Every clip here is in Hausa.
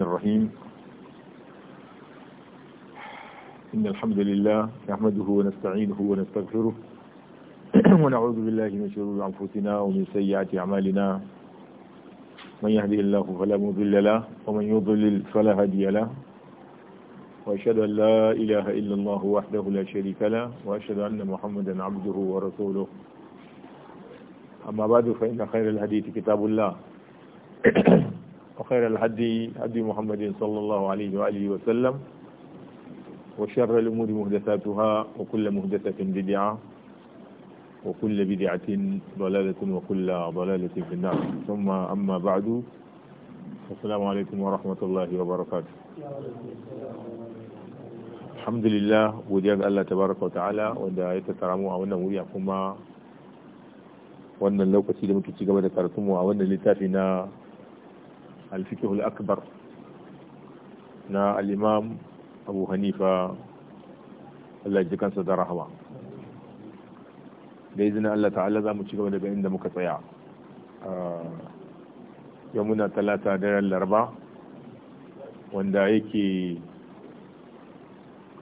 الرحيم إن الحمد لله نحمده ونستعينه ونستغفره ونعوذ بالله من شرور أنفسنا ومن سيئات أعمالنا من يهدي الله فلا مضل له ومن يضلل فلا هادي له وأشهد أن لا إله إلا الله وحده لا شريك له وأشهد أن محمدا عبده ورسوله أما بعد فإن خير الحديث كتاب الله وخير الهدي هدي محمد صلى الله عليه وآله وسلم وشر الأمور مهدثاتها وكل مهدثة بدعة وكل بدعة ضلالة وكل ضلالة في النار ثم أما بعد السلام عليكم ورحمة الله وبركاته الحمد لله godiya الله تبارك وتعالى ta'ala wanda او tattara mu وأن wannan wuri kuma wannan lokaci da muke alfikihul akbar na al'imam abu hanifa Allah ji kansa da rahama da izinin Allah ta'ala za mu ci gaba daga inda muka tsaya yau muna talata daren laraba wanda yake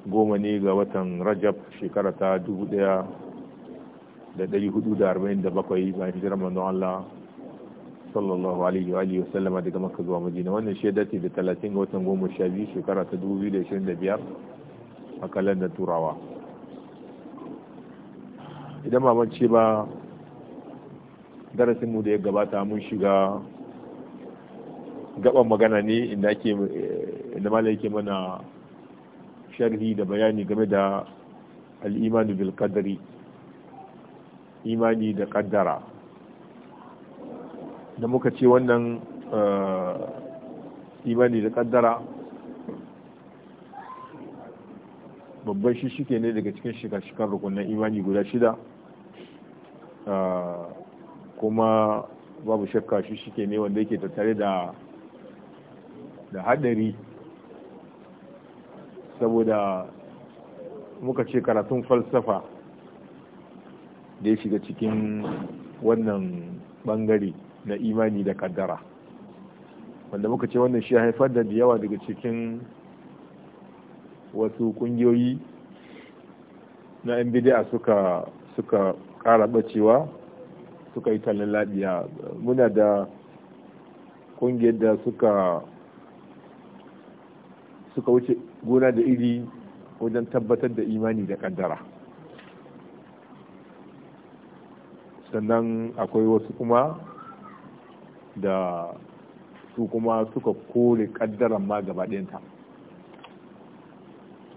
goma ne ga watan rajab shekara ta 1447 bayan hijirar manzon Allah sallallahu alaihi wa sallama daga maka zuwa madina wannan shaidar ce da 30 ga watan goma sha biyu shekara ta 2025 a kalandar turawa idan ba ce ba mu da ya gabata mun shiga gaban magana ne inda ake inda mala yake mana sharhi da bayani game da al'imanu bil qadari imani da qaddara da muka ce wannan eh, imani da kaddara babban shishike ne daga cikin shiga shikan rukunan imani guda shida eh, kuma babu shakka shishike ne wanda yake tattare da da hadari saboda muka ce karatun falsafa da ya shiga cikin wannan bangare Na imani da kaddara wanda muka ce wannan shi haifar da yawa daga cikin wasu kungiyoyi na yan bidiya suka suka kara bacewa suka yi tallan labiya muna da kungiyar da suka suka wuce gona da iri wajen tabbatar da imani da kaddara sannan akwai wasu kuma da su kuma suka kore kaddaran ma gaba ɗinta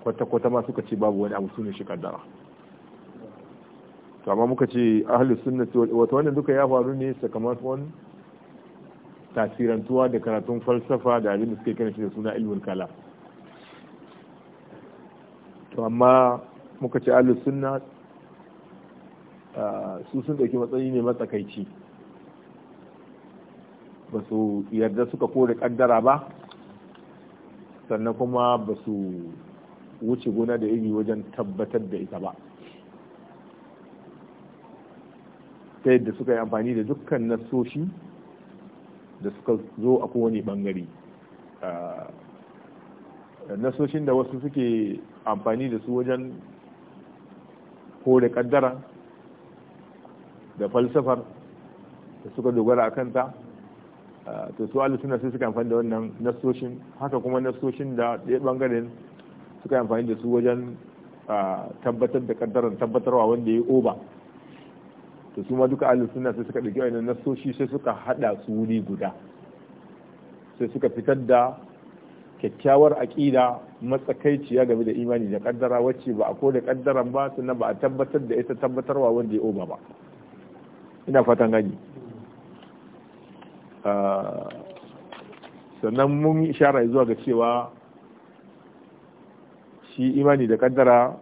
kwata-kwata ma suka ce babu wani abu ne shi kaddara ta amma muka ce ahlus sunnati wata wannan duka ya faru ne sakamakon tasirantuwa da karatun falsafa da abin da suke kiran shi da suna ilmin kala to amma muka ce ahalus sunna ah, su sun ɗauki matsayi ne matsakaici ba su yarda suka kore kaddara ba sannan kuma ba su wuce gona da iri wajen tabbatar da ita ba ta yadda suka yi amfani da dukkan nasoshi da suka zo a kowane bangare ah, nasoshin da wasu suke amfani da su wajen kore kaddara da falsafar da suka dogara a kanta to su ahlus sunna sai suka amfani da wannan nasoshin haka kuma nasoshin da ɗaya bangaren suka amfani da su wajen tabbatar da kaddaran tabbatarwa wanda ya yi oba to su ma duka ahlus suna sai suka ɗauki wani nasoshi sai suka haɗa su wuri guda sai suka fitar da kyakkyawar aƙida matsakaiciya game da imani da kaddara wacce ba a ko da kaddaran ba sannan ba a tabbatar da ita tabbatarwa wanda ya oba ba ina fatan gani sannan mun yi ishara zuwa ga cewa shi imani da kaddara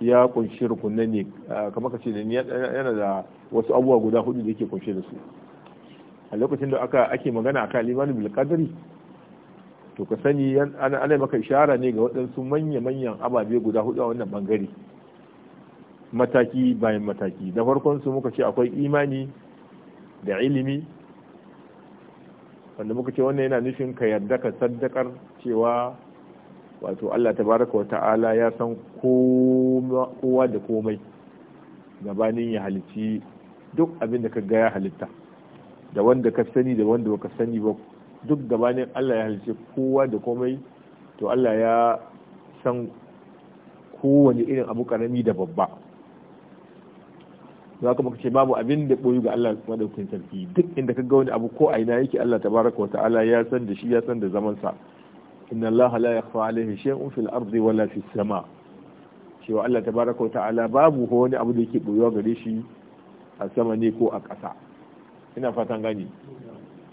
ya kunshi rukunan ne kamar ka ce yana da wasu abubuwa guda hudu da yake kunshe da su a lokacin da aka ake magana akan limanin bil qadari to ka sani ana ana maka ishara ne ga waɗansu manya-manyan ababe guda hudu a wannan bangare mataki bayan mataki da farkon su muka ce akwai imani da ilimi wanda muka ce wannan yana nufin ka yarda ka saddakar cewa wato Allah tabaraka wa ta'ala ya san kowa da komai gabanin ya halici duk abin da ka ga ya halitta da wanda ka sani da wanda baka sani ba duk gabanin Allah ya halici kowa da komai to Allah ya san kowane irin abu karami da babba za ka ce babu abin da boyu ga Allah madaukakin sarki duk inda ka ga wani abu ko aina yake Allah tabaraka ta'ala ya san da shi ya san da zaman sa inna Allah la yakhfa alayhi shay'un fil ardi wala fis sama cewa Allah tabaraka ta'ala babu ko wani abu da yake boyuwa gare shi a sama ne ko a ƙasa ina fatan gani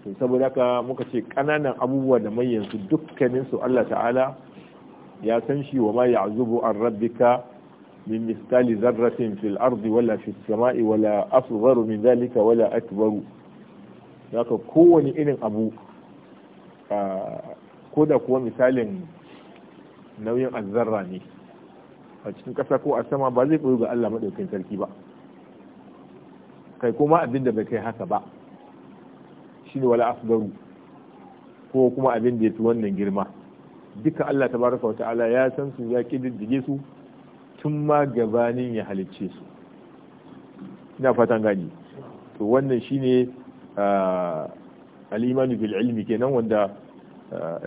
to saboda haka muka ce kananan abubuwa da manyan su dukkaninsu Allah ta'ala ya san shi wa ma ya'zubu an rabbika من miskali ذرة في الأرض ولا في sama'i wala أصغر من ذلك ولا أكبر لك kowane irin abu ko da مثال misalin nauyin azzarra ne a cikin ƙasa ko a sama ba zai koyo ga Allah maɗaukin sarki ba kai kuma abin da bai kai haka ba shi ne wala asgaru ko kuma abin da ya fi wannan girma duka Allah tabaraka wa ta'ala ya san su ya ƙididdige su tun ma gabanin ya halicce su ina fatan gani to wannan shine al iman bil ilmi kenan wanda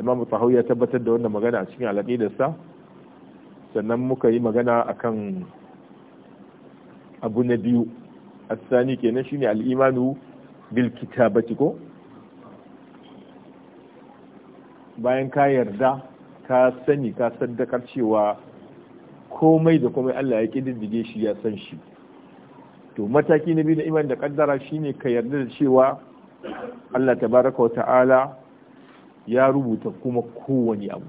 imamu tahawi ya tabbatar da wannan magana a cikin alaqidarsa sannan muka yi magana akan abu na biyu asani kenan shine al iman bil kitabati ko bayan ka yarda ka sani ka saddakar cewa komai da komai Allah ya kididdige shi ya san shi to mataki na biyu na iman da kaddara shine ka yarda da cewa Allah tabaraka wata'ala ya rubuta kuma kowane abu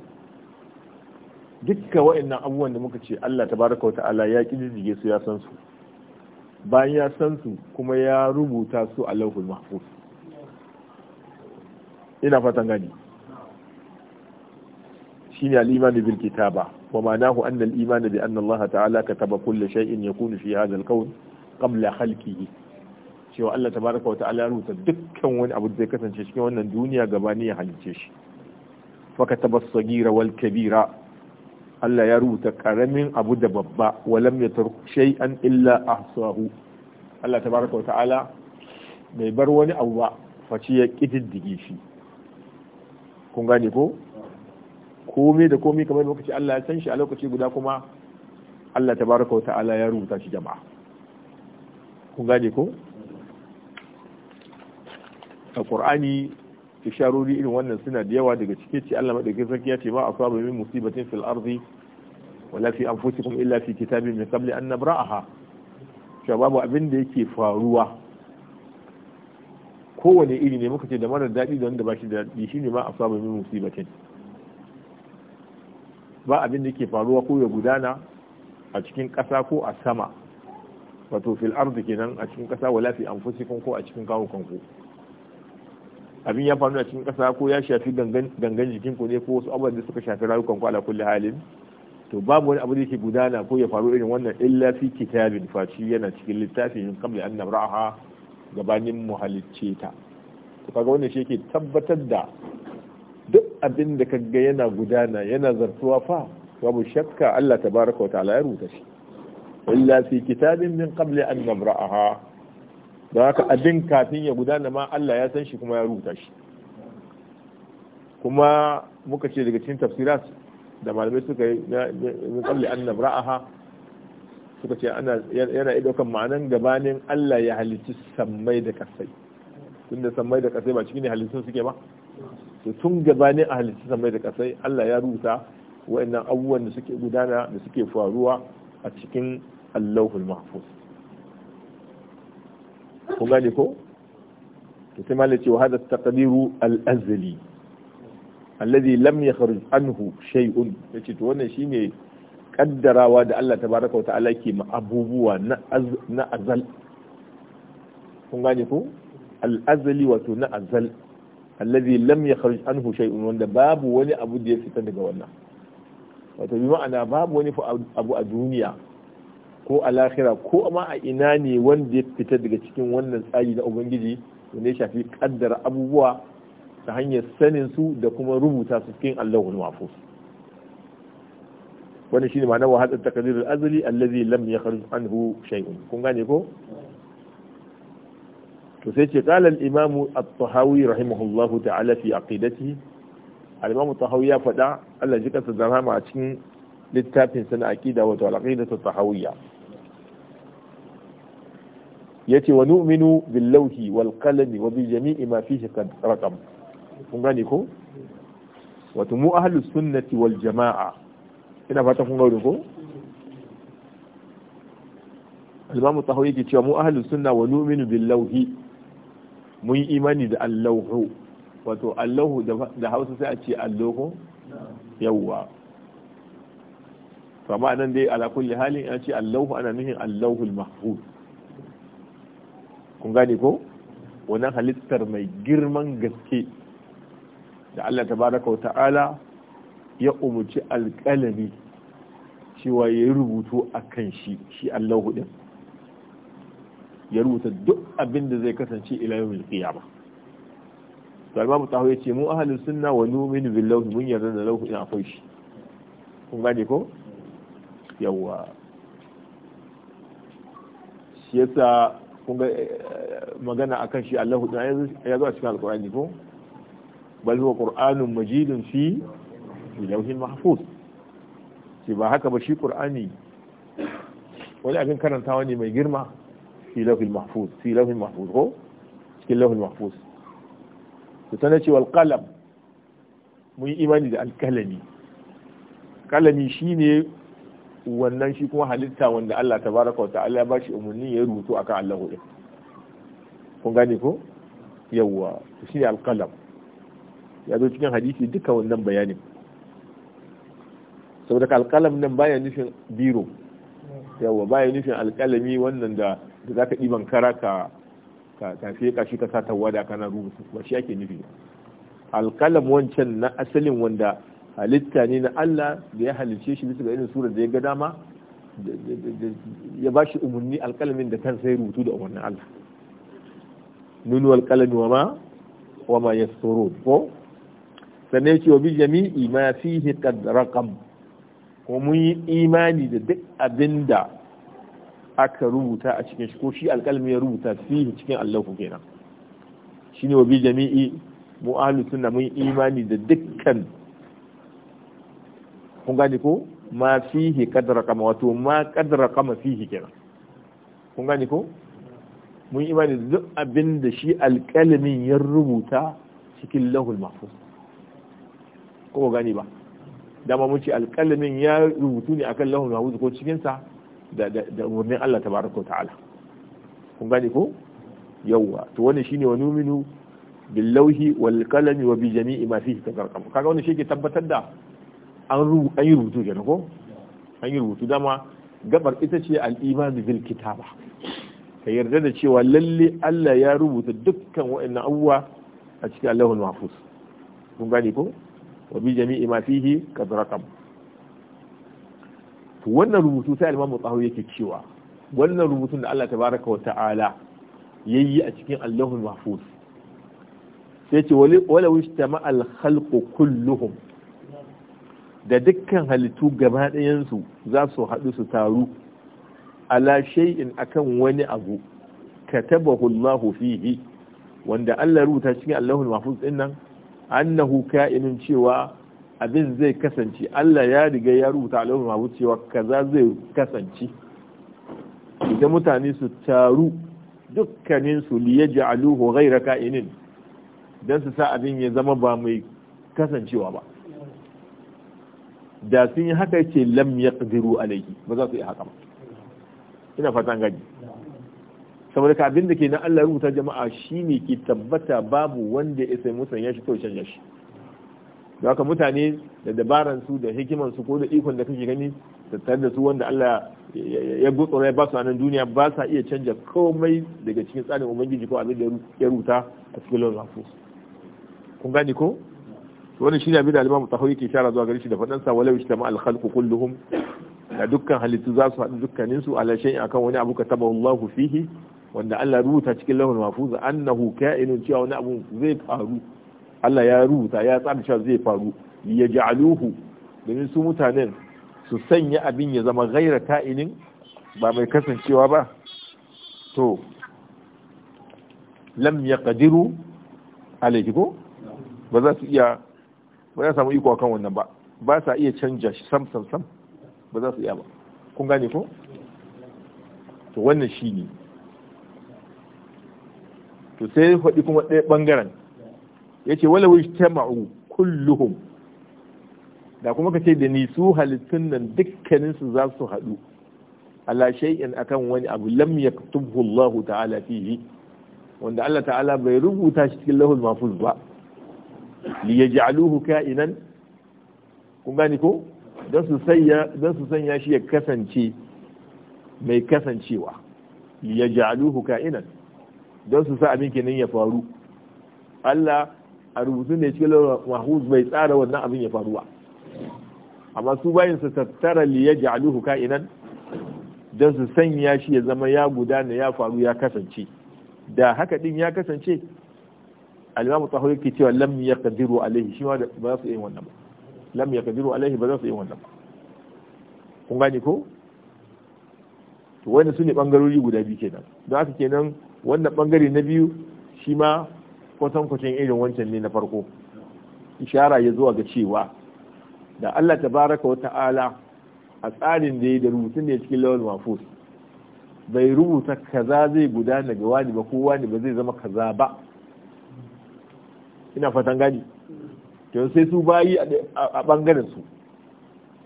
dukka wa'annan abubuwan da muka ce Allah tabaraka wata'ala ya kididdige su ya san su bayan ya san su kuma ya rubuta su a lauhul mahfuz ina fatan gani shine al-iman bil kitaba ومعناه أن الإيمان بأن الله تعالى كتب كل شيء يكون في هذا الكون قبل خلقه cewa Allah tabaraka wa ta'ala rubuta dukkan wani abu da zai kasance cikin wannan duniya ne ya halice shi fa kataba sagira wal kabira Allah ya rubuta karamin abu da babba walam yatar shay'an illa ahsahu Allah tabaraka wa ta'ala bai bar wani abu ba face ya kididdige shi kun gane ko komai da komai kamar lokaci Allah ya san shi a lokaci guda kuma Allah ta baraka wa ta'ala ya rubuta shi jama'a kun gane ko a qur'ani isharori irin wannan suna da yawa daga cike ce Allah madaukakin sarki ya ce ma asaba min musibatin fil ardi wala fi anfusikum illa fi kitabin min qabli an nabra'aha cewa babu abin da yake faruwa kowane iri ne muka ce da marar daɗi da wanda ba shi da daɗi ne ma a asaba min musibatin ba abin da ke faruwa ko ya gudana a cikin ƙasa ko a sama wato fil ardi kenan a cikin ƙasa wala fi anfusikum ko a cikin kawo kanku abin ya faru a cikin ƙasa ko ya shafi gangan jikin ku ne ko wasu abubuwan da suka shafi rayukan ku ala kulli halin to babu wani abu da yake gudana ko ya faru irin wannan illa fi kitabin faci yana cikin littafi min qabli an nabraha gabanin muhalicce ta to kaga wannan shi yake tabbatar da duk abin da kaga yana gudana yana zartuwa fa babu shakka Allah tabaraka wa ta'ala ya rubuta shi illa fi kitabin min qabl an nabra'aha da haka abin kafin ya gudana ma Allah ya san shi kuma ya rubuta shi kuma muka ce daga cikin tafsirat da malamai suka yi min qabl an nabra'aha suka ce ana yana ido kan ma'anan gabanin Allah ya halicci sammai da kasai tunda sammai da kasai ba cikin halittun suke ba to tun gabanin a halittu samai da kasai Allah ya rubuta wa'annan abubuwan da suke gudana da suke faruwa a cikin Allahul Mahfuz kun gane ko ta sai malai wa hada taqdiru al azali alladhi lam yakhruj anhu shay'un yace to wannan shine kaddarawa da Allah tabaraka wa ta'ala ke ma abubuwa na azal kun gane ko al azali wato na azal allazi lam yakhruj anhu shay'un wanda babu wani abu da ya fita daga wannan wato bi ma'ana babu wani abu a duniya ko a lahira ko ma a ina ne wanda ya fita daga cikin wannan tsari na ubangiji wanda ya shafi kaddara abubuwa ta hanyar sanin su da kuma rubuta su cikin allahul mafu wannan shine ma'ana wa hadda al azli allazi lam yakhruj anhu shay'un kun gane ko to sai ce qala al-imam at-tahawi rahimahullahu ta'ala fi aqidatihi al-imam at-tahawi ya fada, Allah ji kansa da rahama a cikin littafin sa na aqida wato al-aqidatu at-tahawiyya yace wa nu'minu bil lawhi wal qalami wa bi jami'i ma fihi qad raqam kun gane ko wato mu ahlus sunnati wal jama'a ina fata kun gane ko al-imam at-tahawi yake cewa mu ahlus sunna wa nu'minu bil lawhi mun yi imani da allahu wato allahu da hausa sai a ce allahu yawwa amma nan dai ala kulli halin ya ce allahu ana nufin allahu mahfuz kun gane ko wannan halittar mai girman gaske da Allah tabaraka wa ta'ala ya umarci alkalami cewa ya yi rubutu a kan shi shi allahu din ya rubuta duk abin da zai kasance ila yawmil ba. to mu tahu ya ce mu ahalin sunna wa nu'minu billahi mun yarda da lauhu in akwai shi kun gane ko yawa shi yasa kun ga eh, magana akan shi Allah da ya zo a cikin alqur'ani ko bal huwa qur'anun majidun fi fi lauhin mahfuz shi ba haka ba shi qur'ani wani abin karantawa ne mai girma fi lawhil mahfuz fi lawhil mahfuz ko cikin lawhil mahfuz to tana cewa alqalam mun yi imani da alkalami kalami shine wannan shi kuma halitta wanda Allah tabaraka wa ta'ala ya bashi umurni ya rubutu akan Allah hudu kun gane ko yawwa shine alqalam ya zo cikin hadisi duka wannan bayanin saboda alkalam nan baya nufin biro yawa baya nufin alkalami wannan da da za ka ɗiban kara ka ka feƙa shi ka sa tawada kana rubutu ba shi ake nufi alƙalam wancan na asalin wanda halitta ne na Allah da ya halicce shi bisa ga irin surar da ya ga dama ya ba shi umarni alƙalamin da kansa ya rubutu da umarnin Allah nunu alƙalami wa ma wa ma yasturu ko sannan yake wa bi jami'i ma fihi qad raqam ko mun yi imani da duk abin da. aka rubuta a cikin shi ko shi alƙalmi ya rubuta fihi cikin allahu kenan ne wa bi jami'i mu ahlu sunna mun imani da dukkan kun gane ko ma fihi kadra kama wato ma kadra kama fihi kenan kun gane ko mun imani da duk abin da shi alƙalmin ya rubuta cikin lahul mahfuz ko gani ba dama mun ce alƙalmin ya rubutu ne akan lahul mahfuz ko cikin sa da umarnin Allah wa ta'ala kun gane ko yawwa to wannan shine wa numinu bil lawhi wal qalami wa bi jami'i ma fihi takarqam kaga wannan shi ke tabbatar da an ru an yi rubutu kenan ko an yi rubutu dama gabar ita ce al iman bil kitaba ka yarda da cewa lalle Allah ya rubuta dukkan wa'annan abubuwa a cikin Allahul Mahfuz kun gane ko wa bi jami'i ma fihi qad wannan rubutu sai alimamu tsaho yake cewa wannan rubutun da Allah tabaraka wa ta'ala yayi a cikin Allahu Mahfuz sai ce wala wishtama al-khalqu kulluhum da dukkan halittu gaba ɗayansu za su haɗu su taru ala shay'in akan wani abu katabahu Allahu fihi wanda Allah rubuta cikin Allahu Mahfuz din nan annahu ka'inun cewa abin zai kasance Allah ya riga ya rubuta alawar mabu cewa kaza zai kasance idan mutane su taru dukkanin su liyaji aluhu gaira ka'inin don su sa abin ya zama ba mai kasancewa ba da sun yi haka ce lam ya alaiki ba za su yi haka ba ina fatan gaji saboda ka abin da ke na Allah rubuta jama'a shi ne ke tabbata babu wanda ya sai musan ya shi kawai canja shi da haka mutane da dabaran su da hikiman su ko da ikon da kake gani tattare da su wanda Allah ya gutsura ya ba su a nan duniya ba sa iya canja komai daga cikin tsarin ubangiji ko abin da ya ruta a cikin lalafu kun gani ko wannan ne abin da alimamu imam Tahawi ke shara zuwa gare shi da sawa sa walau ijtama alhalku kulluhum da dukkan halittu za su haɗu dukkanin su ala shay'in akan wani abu ka taba wallahu fihi wanda Allah rubuta cikin lahun mahfuz annahu ka'inun cewa wani abu zai faru Allah ya rubuta ya tsara cewa zai faru ya ja'aluhu domin su mutanen su sanya abin ya zama gaira ka'inin ba mai kasancewa ba to lam ya kadiru alaiki ko ba za su iya ba za samu iko kan wannan ba ba sa iya canja shi sam sam sam ba za su iya ba kun gane ko to wannan shi ne to sai faɗi kuma ɗaya ɓangaren yace wala wajtama'u kulluhum da kuma kace da ni su halittun nan dukkanin su za su haɗu ala shay'in akan wani abu lam yaktubhu Allah ta'ala fihi wanda Allah ta'ala bai rubuta shi cikin lahul mahfuz ba li yaj'aluhu ka'inan kun gani ko don su sanya dan su sanya shi ya kasance mai kasancewa li yaj'aluhu ka'inan don su sa abin kenan ya faru Allah a rubutu ne cikin mahuz bai tsara wannan abin ya faruwa amma su bayan su tattara liya ji aluhu ka'inan don su sanya shi ya zama ya gudana ya faru ya kasance da haka din ya kasance alimamu imamu tahawir ke cewa lam yaqdiru alaihi shi ma ba su yi wannan ba lam yaqdiru alaihi ba za su yi wannan ba kun gane ko to wannan su ne bangarori guda biyu kenan don haka kenan wannan bangare na biyu shi ma kwatankwacin irin wancan ne na farko ishara ya zuwa ga cewa da Allah ta baraka wa ta'ala a tsarin da ya da rubutun ne cikin lawan mafus bai rubuta kaza zai gudana ga wani ba kowa ne ba zai zama kaza ba ina fatan gani to sai su bayi a bangaren su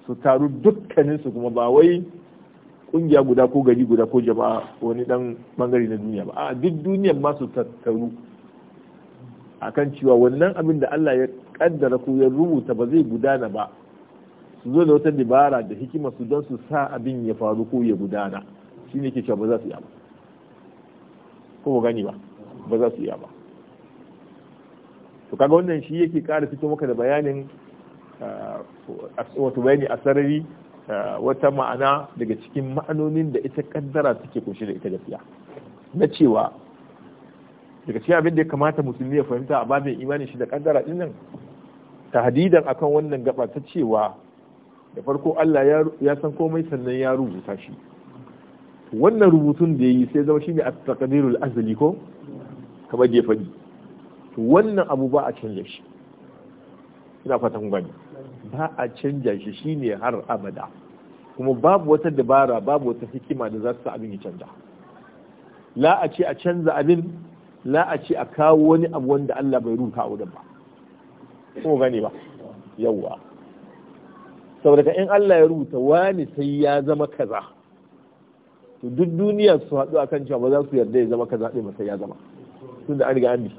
su taru dukkanin su kuma ba wai kungiya guda ko gari guda ko jama'a wani dan bangare na duniya ba a duk duniyar ma su tattaru akan cewa wannan abin da Allah ya kaddara ku ya rubuta ba zai gudana ba su zo da wata dibara da hikima su don su sa abin ya faru ko ya gudana shi ne ke cewa ba za su yi ba ko ba gani ba ba za su yi ba to kaga wannan shi yake kara fito maka da bayanin wato bayani a sarari wata ma'ana daga cikin ma'anonin da ita kaddara take kunshi da ita gaskiya na cewa daga cikin abin da ya kamata musulmi ya fahimta a babin imanin shi da kaddara din nan tahdidan akan wannan gaba ta cewa da farko Allah ya san komai sannan ya rubuta shi wannan rubutun da yi sai zama shine at-taqdirul azli ko kamar da ya fadi to wannan abu ba a canja shi ina fata kun gani ba a canja shi shine har abada kuma babu wata dabara babu wata hikima da za su abin ya canja la a ce a canza abin na a ce a kawo wani abu wanda Allah bai rubuta a wurin ba ko gane ba yawwa saboda ka in Allah ya rubuta wani sai ya zama kaza to duk duniya su haɗu akan cewa ba za su yarda ya zama kaza ɗin ba sai ya zama tun da an riga an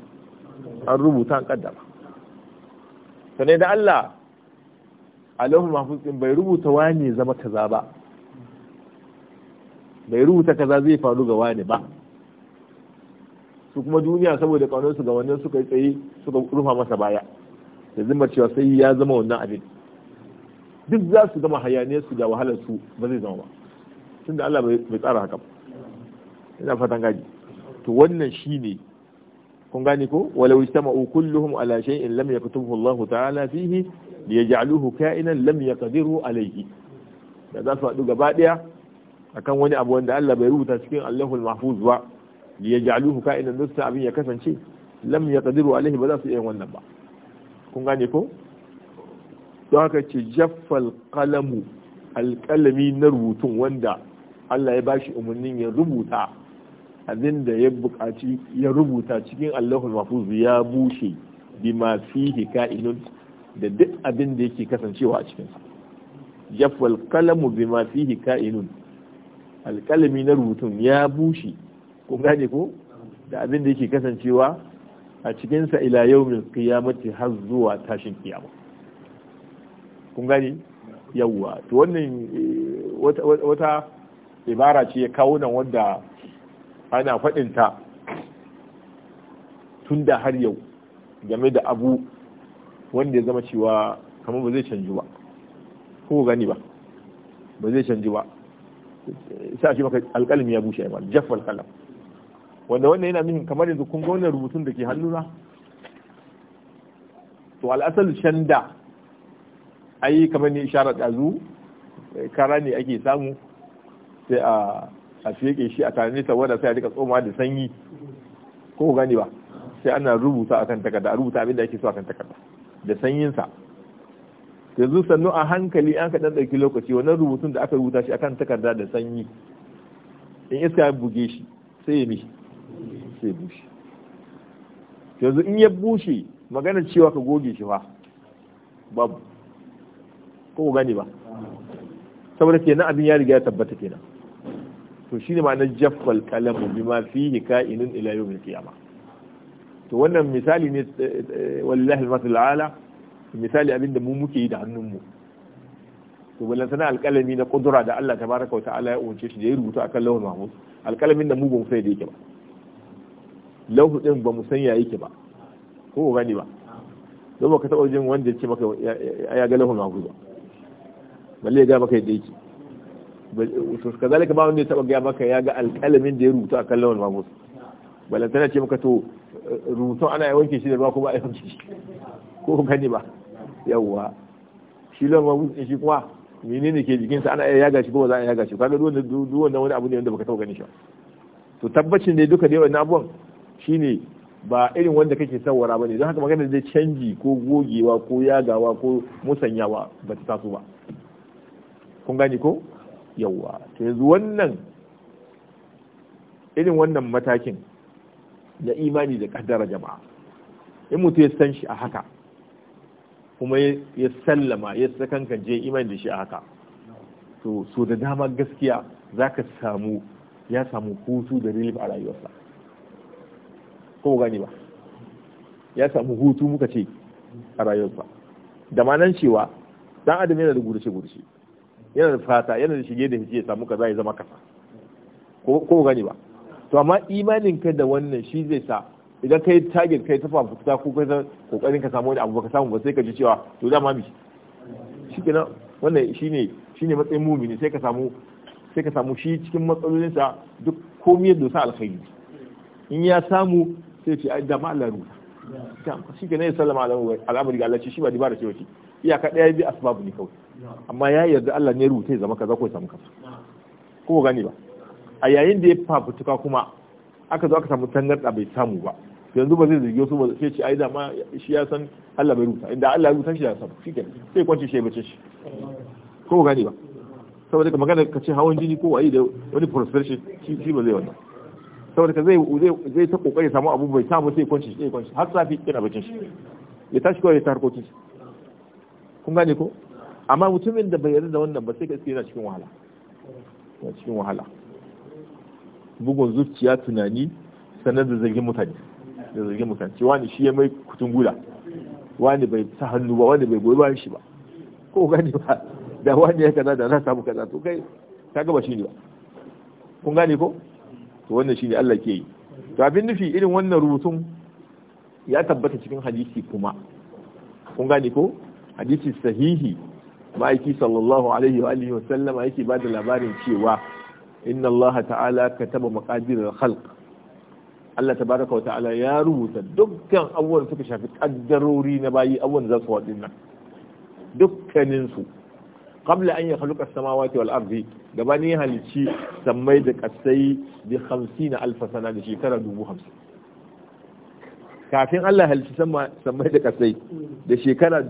an rubuta an kaddara sannan da Allah alahu mahfuz din bai rubuta wani zama kaza ba bai rubuta kaza zai faru ga wani ba su kuma duniya saboda kaunar su ga wannan suka yi tsaye suka rufa masa baya da zimmar cewa sai ya zama wannan abin duk za su zama hayaniyar su da wahalar su ba zai zama ba tunda Allah bai tsara haka ba ina fatan gaji to wannan shine kun gane ko walau istama'u kulluhum ala shay'in lam yaktubhu Allah ta'ala fihi liyaj'aluhu ka'inan lam yaqdiru alayhi da za su haɗu gaba ɗaya akan wani abu wanda Allah bai rubuta cikin Allahul Mahfuz ba li yaj'aluhu ka'inan nusta abin ya kasance lam ya yaqdiru alaihi ba za su iya wannan ba kun gane ko don haka ce jaffal qalamu alqalami na rubutun wanda Allah ya bashi umarnin ya rubuta abin da ya buƙaci ya rubuta cikin Allahul Mahfuz ya bushe bima fihi ka'inun da duk abin da yake kasancewa a cikinsa jaffal qalamu bima fihi ka'inun alƙalami na rubutun ya bushe kun gane ko da abin da yake kasancewa a cikinsa ila yawmin kiyamati har zuwa tashin kiyama kun gane yawwa to wannan eh, wata ibara ce ya kawo nan wanda ana fadinta tun da har yau game da abu wanda ya zama cewa kamar ba zai canji ba ko gani ba ba zai canji ba sa shi maka alƙalmi ya bushe ba jaff alƙalam wanda wannan yana nufin kamar yanzu kun ga wannan rubutun da ke hannuna to al'asal shanda ai kamar ne ishara ɗazu kara ne ake samu sai a a fiye shi a tare wanda sai a rika tsoma da sanyi ko gani ba sai ana rubuta akan takarda a rubuta abin da ake so akan takarda da sanyinsa yanzu sannu a hankali an kaɗan ɗauki lokaci wannan rubutun da aka rubuta shi akan takarda da sanyi in iska buge shi sai ya mishi sai bushe yanzu in ya bushe magana cewa ka goge shi fa babu ko gani ba saboda kenan abin ya riga ya tabbata kenan to shi ne ma na jaffal kalamu bima fihi ka'inun ila yawmil qiyamah to wannan misali ne eh, eh, wallahi al-masal ala misali abin da mu muke yi da hannunmu to ballan sana alkalami na kudura da Allah baraka wa ta'ala ya umarce shi da ya rubuta akan lawan mahmud alkalamin da mu ba mu sai da yake ba lauhu din ba mu san ya yake ba ko ba gani ba don ba ka taɓa jin wanda ya ce maka ya ga lauhu mahfuz ba balle ya ga maka yadda yake to kazalika ba wanda ya taɓa ga maka ya ga alƙalamin da ya rubuta akan lauhu mahfuz tana ce maka to eh, rubutun ana wanke shi da ruwa ko ba a wanke shi ko gani ba yawwa shi lauhu mahfuz shi kuma menene ke jikinsa ana iya yaga shi ko ba za a yaga shi kaga duk wanda wani abu ne wanda baka taɓa gani shi to tabbacin ne duka dai wannan abubuwan shine ba irin wanda kake sawara ba ne don haka magana zai canji ko gogewa ko yagawa ko musanyawa ba ta taso ba kun gani ko yawa to yanzu wannan irin wannan matakin na imani da kaddara jama'a in mutum ya san shi a haka kuma ya sallama ya sakankance imani da shi a haka to so da dama gaskiya za ka samu ya samu hutu da relief a rayuwarsa ko gani ba ya samu hutu muka ce a rayuwarsa da ma nan cewa dan adam yana da gurushe gurushe yana da fata yana da shige da fice samu kaza ya zama kasa ko gani ba to amma imanin ka da wannan shi zai sa idan kai target kai ta fafuta ko kai ta kokarin ka samu wani abu baka samu ba sai ka ji cewa to dama mi shikenan wannan shine shine matsayin mumini sai ka samu sai ka samu shi cikin matsalolinsa duk komai da sa alkhairi in ya samu sai ce da ma Allah shi ke nai ya sallama al'amuri ga Allah shi ba dibara ce wace iyaka ɗaya bi asbabu ne kawai amma ya yarda Allah ne rute ya zama kaza ko ya samu kaza ko gani ba a yayin da ya fafutuka kuma aka zo aka samu tangarɗa bai samu ba yanzu ba zai zargi su ba sai ce ai dama shi ya san Allah bai rubuta inda Allah ya rubuta shi ya san shi kenan sai kwanci shi ya bace shi ko gani ba saboda ka magana ka ce hawan jini ko waye da wani prostration shi ba zai wannan saboda ka zai zai ta kokari samu abu bai samu sai kwanci sai kwanci har safi yana bakin shi ya tashi kawai ta harkokin shi kun gane ko amma mutumin da bai yarda da wannan ba sai gaskiya yana cikin wahala yana cikin wahala bugun zuciya tunani sanar da zargin mutane da zargin mutane cewa ne shi ya mai kutun gula wani bai sa hannu ba wani bai goyi bayan shi ba ko gane ba da wani ya kaza da na samu kaza to kai ka gaba shi ne ba kun gane ko to wannan shine Allah ke yi to abin nufi irin wannan rubutun ya tabbata cikin hadisi kuma kun gane ko hadisi sahihi ma'aiki sallallahu alaihi wa alihi wa sallama yake ba da labarin cewa inna Allah ta'ala kataba maqadir al-khalq Allah tabaraka wa ta'ala ya rubuta dukkan abubuwan suka shafi kaddarori na bayi abubuwan za su waɗin nan dukkaninsu قبل an يخلق السماوات والأرض wal ardi gabani halici sammai da kasai bi 50 alf sana da shekara 50 kafin Allah halici sammai da kasai da shekara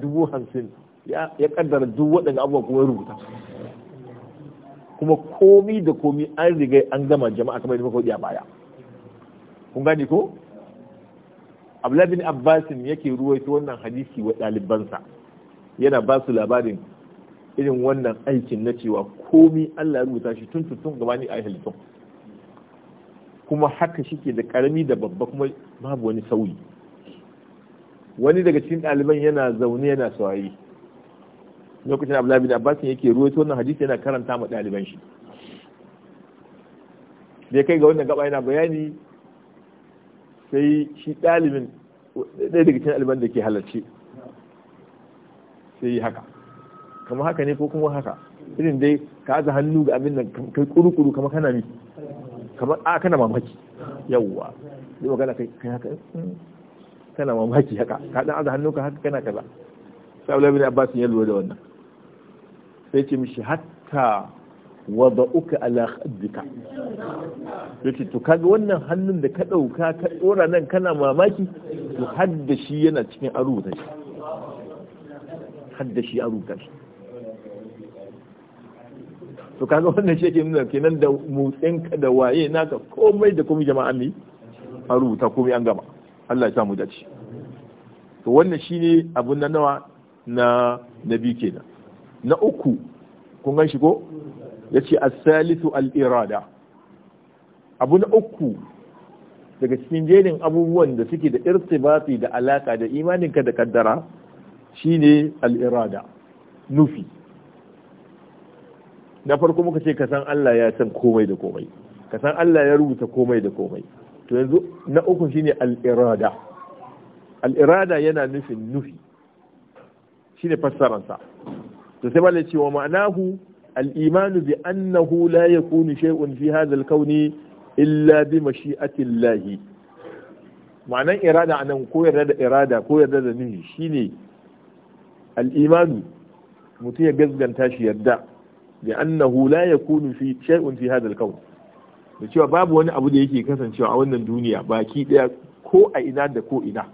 يقدر ya أن duk waɗanda abubuwa kuma rubuta kuma komi da komi an riga an gama jama'a kamar yadda muka a baya kun gane ko Abdullahi bin Abbasin yake ruwaito wannan hadisi wa ɗalibansa yana ba su labarin irin wannan aikin na cewa komi Allah ya rubuta shi tun tun gabani a halittun kuma haka shike da karami da babba kuma babu wani sauyi wani daga cikin ɗaliban yana zaune yana sauyi lokacin abdullahi bin abbas yake ruwaito wannan hadisi yana karanta ma ɗaliban shi da kai ga wannan gaba yana bayani sai shi ɗalibin ɗaya daga cikin ɗaliban da ke halarci sai haka kamar haka ne ko kuma haka irin dai ka aza hannu ga abin nan kai kuru-kuru kamar kana mi kamar a kana mamaki yawwa zai magana kai haka hmm, kana mamaki haka ka dan aza ka haka kana kaza sai Abdullahi bin Abbas ya lura da wannan sai ce mishi hatta wada'uka ala khaddika yace to kaga wannan hannun da ka dauka ka dora nan kana mamaki to haddashi yana cikin arubuta shi haddashi arubuta shi to kaga wannan shi ke nuna kenan da motsinka da waye naka komai da komai jama'a ne an rubuta komai an gama Allah ya samu dace to wannan shine abun na nawa na nabi kenan na uku kun gan shi ko yace as-salisu al-irada abu na uku daga cikin jerin abubuwan da suke da irtibati da alaka da imaninka da kaddara shine al-irada nufi na farko muka ce ka san Allah ya san komai da komai ka san Allah ya rubuta komai da komai to yanzu na uku shine al-irada al-irada yana nufin nufi shine fassaran sa to sai malai cewa ma'anahu al-iman bi annahu la yakunu shay'un fi hadha al illa bi mashi'ati Allah ma'anan irada anan ko yarda da irada ko yarda da nufi shine al-iman mutum ya gazganta shi yarda da annahu la yakunu fi shay'un fi hadha al-kawn da cewa babu wani abu da yake kasancewa a wannan duniya baki daya ko a ina da ko ina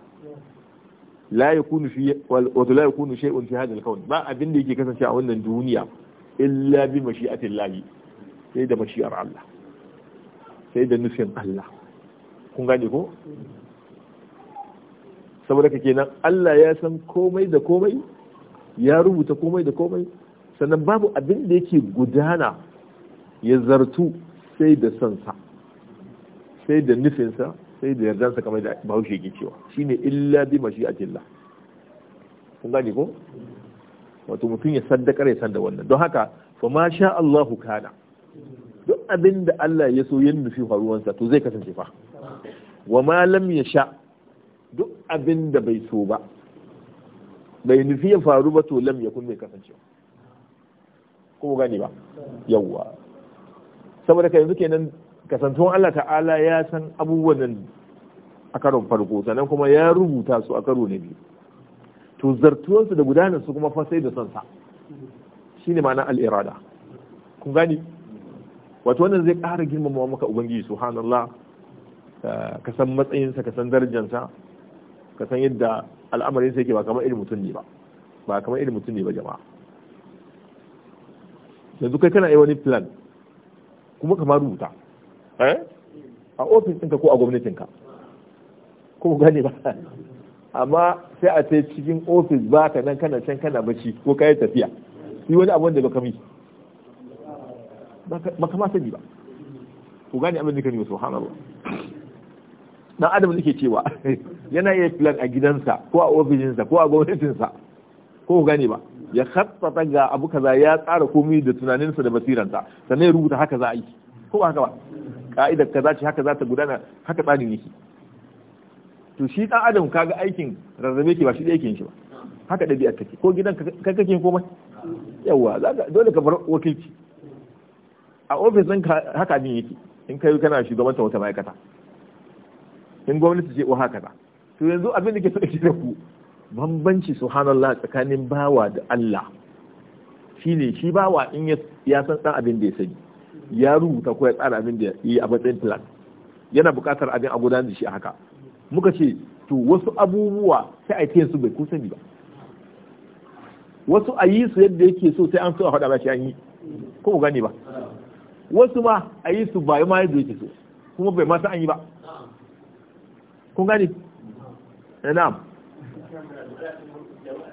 la yakunu fi wa la yakunu shay'un fi hadha al-kawn ba abin da yake kasancewa a wannan duniya illa bi mashi'atillahi sai da mashi'ar Allah sai da nufin Allah kun gane ko saboda kake nan Allah ya san komai da komai ya rubuta komai da komai sannan babu abin da yake gudana ya zartu sai da sansa sai da nufinsa sai da yardansa kamar da bahaushe yake cewa shine illa bi mashi'atillah kun gane ko wato mutum ya saddakar ya sanda wannan don haka fa ma sha Allahu kana duk abin da Allah ya so yin nufi faruwansa to zai kasance fa wa ma lam ya sha duk abin da bai so ba bai nufi ya faru ba to lam yakun mai kasancewa ko gani ba yawwa saboda ka yanzu kenan kasantuwan Allah ta'ala ya san abubuwan nan a karon farko sannan kuma ya rubuta su a karo na biyu to zartuwansu da gudanar su kuma fasai da sansa sa shine ma'ana al-irada kun gani wato wannan zai ƙara girmama maka ubangiji subhanallah eh, ka san matsayinsa ka san darajarsa ka san yadda al'amarin sa yake ba kamar irin mutum ne ba ba kamar irin mutum ne ba jama'a yanzu kai kana yi wani plan kuma kama rubuta eh? a ofis ɗinka ko a gwamnatinka ko gane ba amma sai a ce cikin ofis ba ka nan kana can kana bacci ko kayan tafiya yi wani abu wanda ba kami ba kama sani ba ko gane abin da kan yi ba dan adam da ke cewa yana iya plan a gidansa ko a ofishinsa ko a gwamnatinsa ko gane ba ya khattata ga abu kaza ya tsara komai da tunaninsa da basiranta sannan ya rubuta haka za a yi ko ba haka ba ka'idar kaza ce haka za ta gudana haka tsarin yake to shi dan adam kaga aikin rarrabe ke ba shi da yake shi ba haka ɗabi'ar take ko gidan kai ko komai yawa dole ka bar wakilci a ofis ɗin haka abin yake in kai kana ta wata ma'aikata in gwamnati ce wa haka to yanzu abin da ke ke da ku bambanci subhanallah tsakanin bawa da Allah shine shi bawa in ya san san abin da ya sani ya rubuta ko ya tsara abin da yi a matsayin plan yana bukatar abin a gudanar da shi haka muka ce to wasu abubuwa sai a yi su bai kusa ba wasu a yi su yadda yake so sai an so a faɗa ba shi an yi ko ku gane ba wasu ma a yi su ba ma yadda yake so kuma bai ma an yi ba kun gane eh, na'am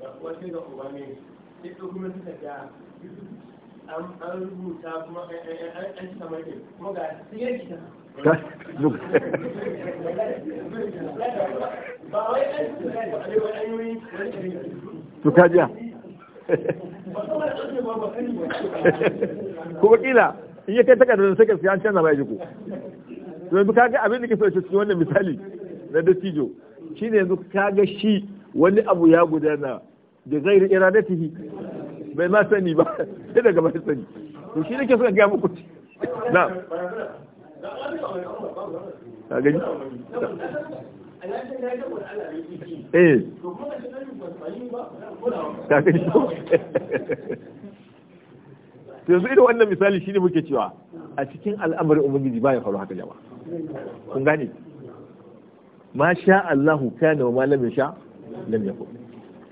wasu kuma ga uba ne sai ɗauki kuma suka an rubuta kuma an cika mai kuma ga ba wai an ba a an yi wani kuma kila in ya kai takardar an canza yanzu kaga abin da ke so cikin wannan misali na dattijo shine yanzu kaga shi wani abu ya gudana da zai iradatihi bai ma sani ba sai daga ba sani to shi nake suka gaya muku na ka gani eh ka gani to yanzu irin wannan misali shine muke cewa a cikin al'amarin ubangiji ya faru haka jama'a kun gane ma sha Allahu kana wa ma lam lam yakun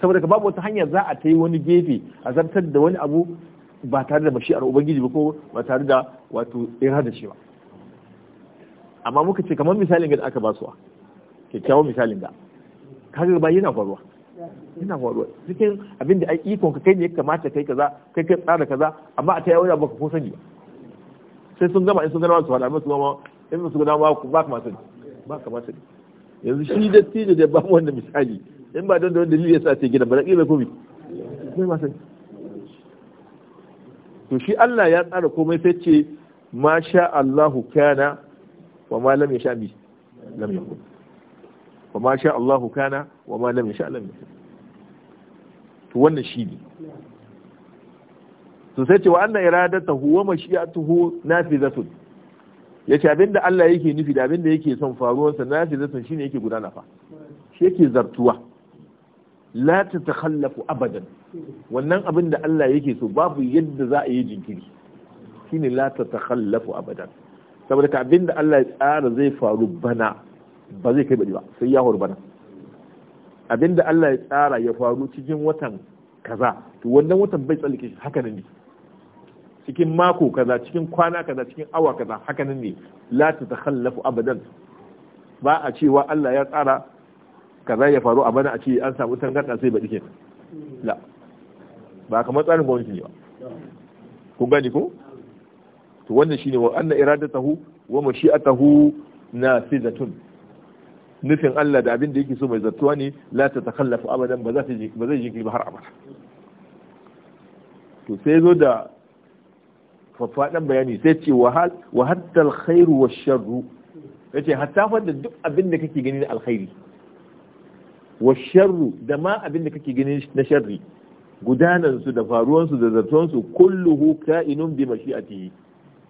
saboda ka babu wata hanya za a ta yi wani gefe a zartar da wani abu ba tare da mashi'ar ubangiji ba ko ba tare da wato irar da shi ba amma muka ce kamar misalin da aka basuwa kyakkyawan misalin ga kaga ba yana faruwa yana faruwa cikin abin da ikon ka kai ne ya kamata kai kaza kai ka tsara kaza amma a ta yi wani ka ko sani ba sai sun gama in sun gama su amma su gama in su gama ba ka masu ba ka masu yanzu shi da tijo da ba wanda misali in ba don da wani dalili ya sa ce gidan ba da ƙila komi sai ma sai to shi Allah ya tsara komai sai ce ma sha Allahu kana wa ma lam yasha bi lam yakun wa ma sha Allahu kana wa ma lam yasha lam yakun to wannan shi ne to sai ce wa anna iradatahu wa mashi'atuhu nafizatun yace abinda Allah yake nufi da abinda yake son faruwarsa nafizatun shine yake gudana fa shi yake zartuwa la ta takhallafu abadan wannan abin da Allah yake so babu yadda za a yi jinkiri shine la ta takhallafu abadan saboda ka abin da Allah ya tsara zai faru bana ba zai kai ba sai ya faru bana abin da Allah ya tsara ya faru cikin watan kaza to wannan watan bai tsallake shi haka ne cikin mako kaza cikin kwana kaza cikin awa kaza haka ne la ta takhallafu abadan ba a cewa Allah ya tsara kaza ya faru a bana a ce an samu tangarɗa sai baɗi ke la ba kamar tsarin gwamnati ne ba ku gani ko to wannan shine wa anna iradatahu wa mashi'atahu nafizatun nufin Allah da abin da yake so mai zartuwa ne la ta takallafu abadan ba za ta ba zai jinkiri ba har abada to sai zo da faffaɗan bayani sai ce wa hatta alkhairu wa sharru yace hatta fa da duk abin da kake gani na alkhairi wa sharru da ma abin da kake gani na sharri gudanansu da faruwansu da zartuwansu kulluhu ka'inun bi mashi'atihi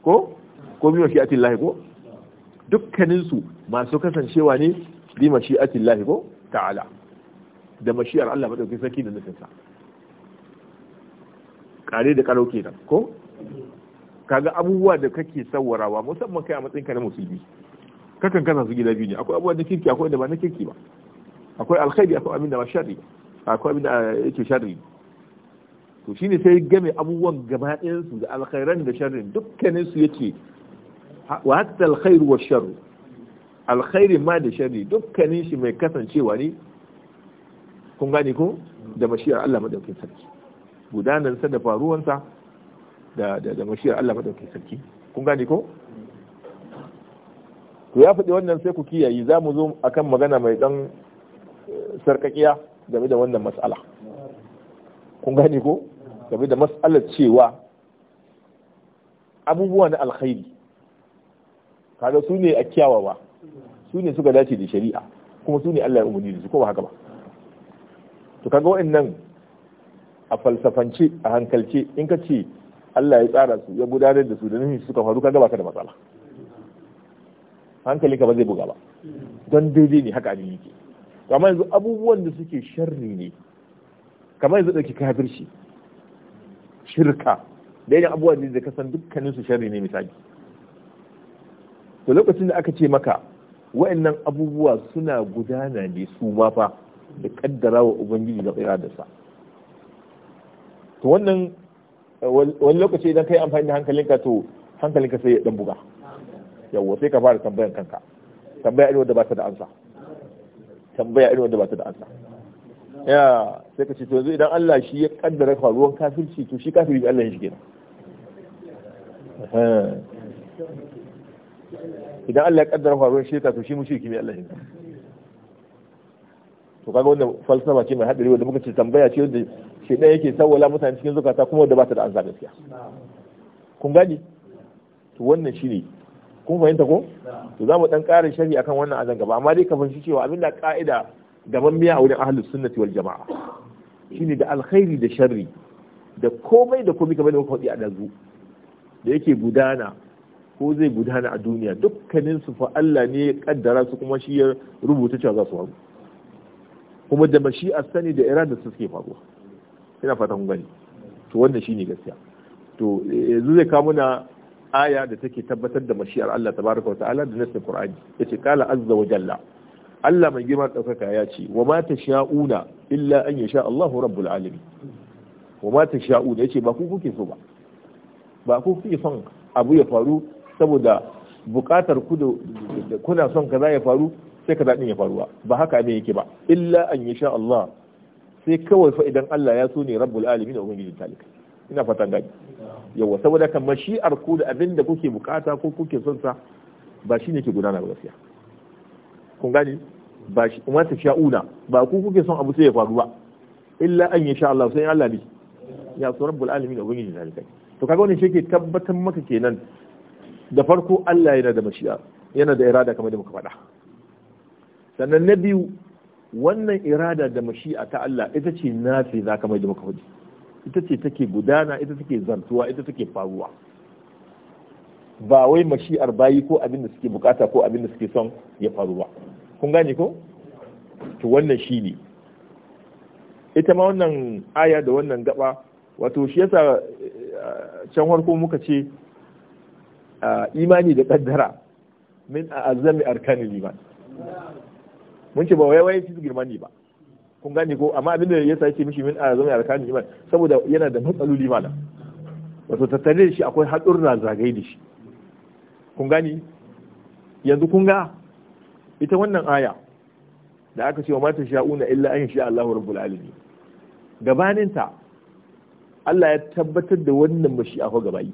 ko ko bi mashi'atin lahi ko dukkaninsu masu kasancewa ne bi mashi'atin lahi ko ta'ala da mashi'ar Allah madaukakin sarki da sa kare da karo kenan ko kaga abubuwa da kake sawarawa musamman kai a matsayin ka na musulmi kakan kana su gida biyu ne akwai abubuwa na kirki akwai da ba na kirki ba akwai alkhairi akwai abin da ba sharri akwai abin da eh, yake sharri to shine sai game abubuwan gaba ɗayan su da alkhairan da sharrin dukkanin su yake wa hatta alkhair wa sharr alkhairi ma da sharri dukkanin shi mai kasancewa ne kun gane ko da mashiyar Allah madaukakin sarki gudanansa da faruwansa da da mashiyar Allah madaukakin sarki kun gane ko to ya faɗi wannan sai ku kiyaye za mu zo akan magana mai dan sarkakiya game da wannan matsala kun gane ko game da matsalar cewa abubuwa na alkhairi kaga su ne a kyawawa su ne suka dace da shari'a kuma su ne Allah ya umarni da su haka ba to kaga wa'annan a falsafance a hankalce in ka ce Allah ya tsara su ya gudanar da su da nufin suka faru kaga baka da matsala hankalinka ba zai buga ba don daidai ne haka ne yake kamar yanzu abubuwan da suke sharri ne kamar yanzu ɗauki kafirci shirka da yadda abubuwan da ka san dukkanin su sharri ne misali to lokacin da aka ce maka wa'annan abubuwa suna gudana ne su ma fa da kaddara wa ubangiji da tsira da sa to wannan wani lokaci idan kai amfani da hankalinka to hankalinka sai ya dan buga yawa sai ka fara tambayan kanka tambaya ido da ba ta da amsa tambaya irin wanda ba ta da Allah ya sai ka ce to yanzu idan Allah shi ya kaddara faruwan kafirci to shi kafiri Allah ya shige idan Allah ya kaddara faruwan shirka to shi mushriki ne Allah ya to kaga wannan falsafa ce mai hadari wanda muka ce tambaya ce wanda shedan yake sawwala mutane cikin zukata kuma wanda ba ta da ansa gaskiya kun gani to wannan shine kun fahimta ko to za mu dan ƙara shari akan wannan azan gaba amma dai ka fahimci cewa abin da ka'ida gaban miya a wurin ahlus sunnati wal jama'a shine da alkhairi da sharri da komai da komai kamar da muka faɗi a dazu da yake gudana ko zai gudana a duniya dukkanin su fa Allah ne ya kaddara su kuma shi ya rubuta cewa za su faru kuma da bashi a sani da irada su suke faruwa ina fatan gani to wannan shine gaskiya to eh, yanzu zai kawo mana. aya da take tabbatar da mashiyar Allah tabaraka wa ta'ala da nasin Qur'ani yace kala azza wa jalla Allah mai girma daukaka ya ce wa ma tasha'una illa an yasha Allahu rabbul alamin wa ma tasha'una yace ba ku kuke so ba ba ku kuke son abu ya faru saboda bukatar ku da kuna son kaza ya faru sai kaza din ya faruwa ba haka ne yake ba illa an yasha Allah sai kawai fa idan Allah ya so ne rabbul alamin ubangijin talikai ina fatan gani yawa saboda kan mashi'ar ku da abin da kuke bukata ko kuke son sa ba shine ke gudana ba gaskiya kun gani ba shi kuma ta sha'una ba ku kuke son abu sai ya faru ba illa an sha Allah sai Allah ne ya so rabbul alamin ubangi ne kai to kaga wannan shi ke tabbatar maka kenan da farko Allah yana da mashi'a yana da irada kamar da muka faɗa sannan na biyu wannan irada da mashi'a ta Allah ita ce nafi za kamar da muka faɗi ita ce take gudana ita take zartuwa ita take faruwa ba wai mashi'ar bayi ko abin da suke bukata ko abin da suke son ya faru ba kun gane ko to wannan shi ne ita ma wannan aya da wannan gaba wato shi yasa eh, can harko muka ce eh, imani da kaddara min a azami arkanin liman mun ce ba wai wai su girman ne ba kun gane ko amma abin da yasa yake mishi min azami arkanin iman saboda yana da matsaloli malam wato tattare da shi akwai haɗurra zagaye da shi kun gani yanzu kun ga ita wannan aya da aka ce wa mata sha'una illa an sha Allahu rabbul alamin gabanin ta Allah ya tabbatar da wannan bashi akwai gabayi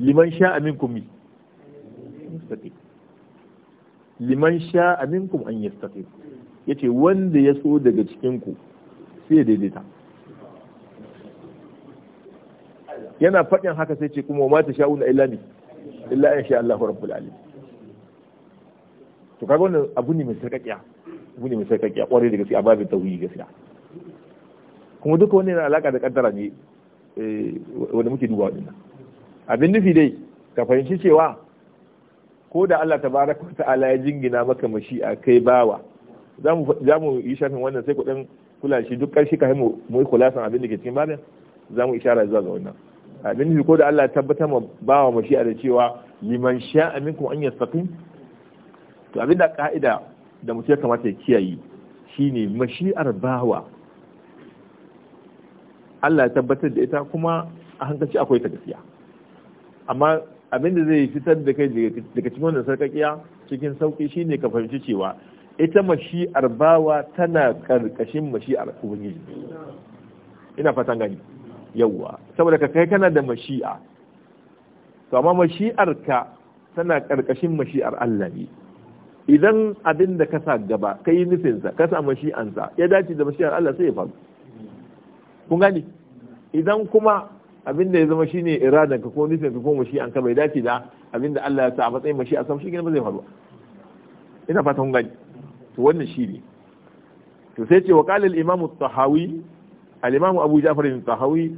liman sha'a minkum mi liman sha'a minkum an yastaqim yace wanda ya so daga cikin ku sai ya daidaita yana faɗin haka sai ce kuma ma ta sha'una illa ne illa in sha Allahu rabbul alamin to kaga wannan abu ne mai sarkakiya abu ne mai sarkakiya kwarai da gaske a babin tauhidi gaskiya kuma duka wannan yana alaka da kaddara ne eh, wanda muke duba wannan abin nufi dai ka fahimci cewa ko da Allah tabaraka wa ta'ala ya jingina maka mashi'a kai bawa za mu yi shafin wannan sai kudin kula shi duk karshe ka mu mu yi kulasan abin da ke cikin babin za mu ishara zuwa ga wannan abin da ko da Allah ya tabbatar ma ba wa mashi'a da cewa liman amin kuma an yastaqim to abin da ka'ida da mutum ya kamata ya kiyaye shine mashi'ar bawa Allah ya tabbatar da ita kuma a hankaci akwai ta gaskiya amma abin da zai fitar da kai daga cikin wannan sarkakiya cikin sauki shine ka fahimci cewa ita mashi'ar bawa tana karkashin mashi'ar ubangiji ina fatan gani yawwa saboda ka kai kana da mashi'a to amma mashi'ar ka tana karkashin mashi'ar Allah ne idan abin da ka sa gaba ka yi nufinsa ka sa mashi'ansa ya dace da mashi'ar Allah sai ya faru kun gani idan kuma abin da ya zama shine iradan ka ko nufin ka ko mashi'an ka bai dace da abin da Allah ya sa a matsayin mashi'a sam shi ne ba zai faru ina fata kun gani to wannan shi ne to sai ce wa kalil imamu tahawi al-imamu abu ja'far tahawi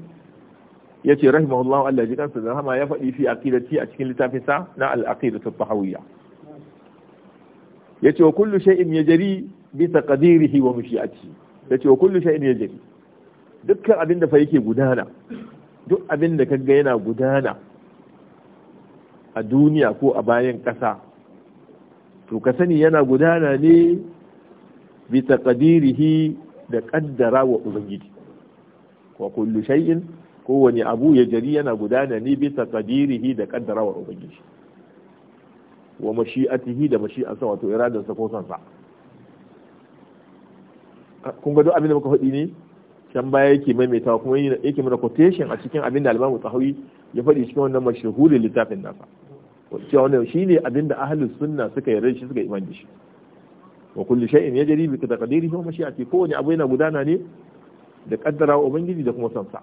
ya ce rahimahullahu Allah ji kansa da hama ya faɗi fi aqidati a cikin littafin sa na al-aqidatu tahawiyya ce wa kullu shay'in yajri bi taqdirihi wa Ya ce wa kullu shay'in yajri dukkan abin da fa yake gudana duk abin da kaga yana gudana a duniya ko a bayan ƙasa to ka sani yana gudana ne bisa qadirihi da kaddara wa ubangiji wa kullu shay'in kowane abu ya jari yana gudana ne bisa qadirihi da kaddara wa ubangiji wa mashi'atihi da mashi'ansa wato iradarsa ko sansa kun ga duk abin da muka faɗi ne can baya yake maimaitawa kuma yake mana quotation a cikin abin da al-Imam Tahawi ya faɗi cikin wannan mashhurin littafin nasa cewa shi ne abin da ahalin sunna suka yarda shi suka imani shi wa da shay'in yajri bi taqdirihi wa mashi'ati kowane abu yana gudana ne da kaddara wa ubangiji da kuma Sansa. sa